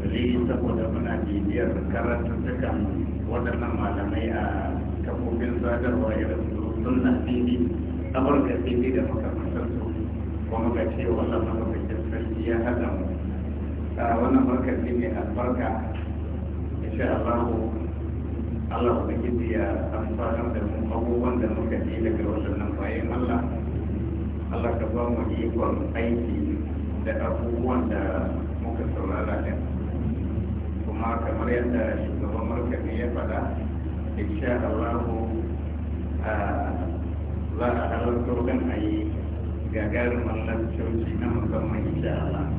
dalili saboda muna bibiyar dukkan waɗannan malamai a kafofin sadarwa irin su sunna tv amurka tv da makamantar su kuma ga ce wannan makamantar sarki ya haɗa mu a wannan barkar ne mai albarka insha allahu allah ubangiji ya amfanar da mu abubuwan da muka ji daga waɗannan bayan allah allah ka ba mu ikon aiki da abubuwan da muka saurara ɗin amma kamar yadda shugaban markami ya faɗa insha Allah za a halarta kan a yi gagarumin lantarki na musamman insha Allah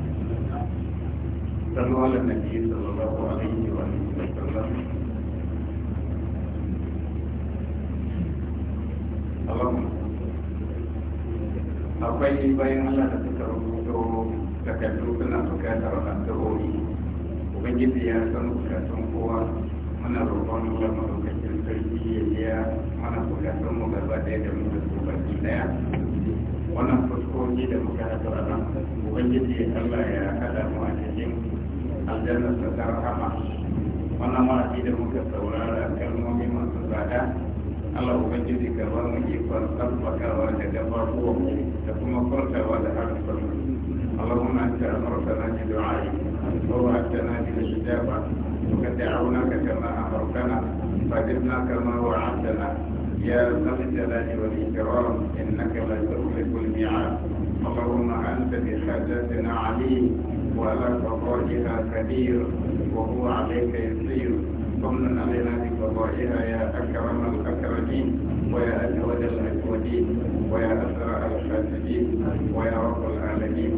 sallu ala nabi sallallahu alaihi wa sallam akwai bayan Allah da suka rubuto takardu suna bukatar addu'o'i ubangiji ya san bukatun semua mana roƙon Allah mau kecil kecil dia mana bukatun mu gaba ɗaya da mu da su baki ɗaya wannan fuskoki da muka haɗu Allah ya ada mu a cikin aljannar da ta tidak mungkin wa'azi kalau muka saurara kalmomi masu tsada Allah ubangiji ka ba orang ikon tsabbakawa da gabaruwa da kuma furtawa da harsunan Allahumma anta amartana bi du'aika ووعدتنا بالاستجابة وقد دعوناك كما أمرتنا فجبناك كما وعدتنا يا ذا الجلال والإكرام إنك لا تخلف الميعاد اللهم أنت بحاجتنا عليم ولك فضائها كبير وهو عليك يسير فمن علينا بفضائها يا أكرم الأكرمين ويا أجود الأجودين ويا أسرع الحاسدين ويا رب العالمين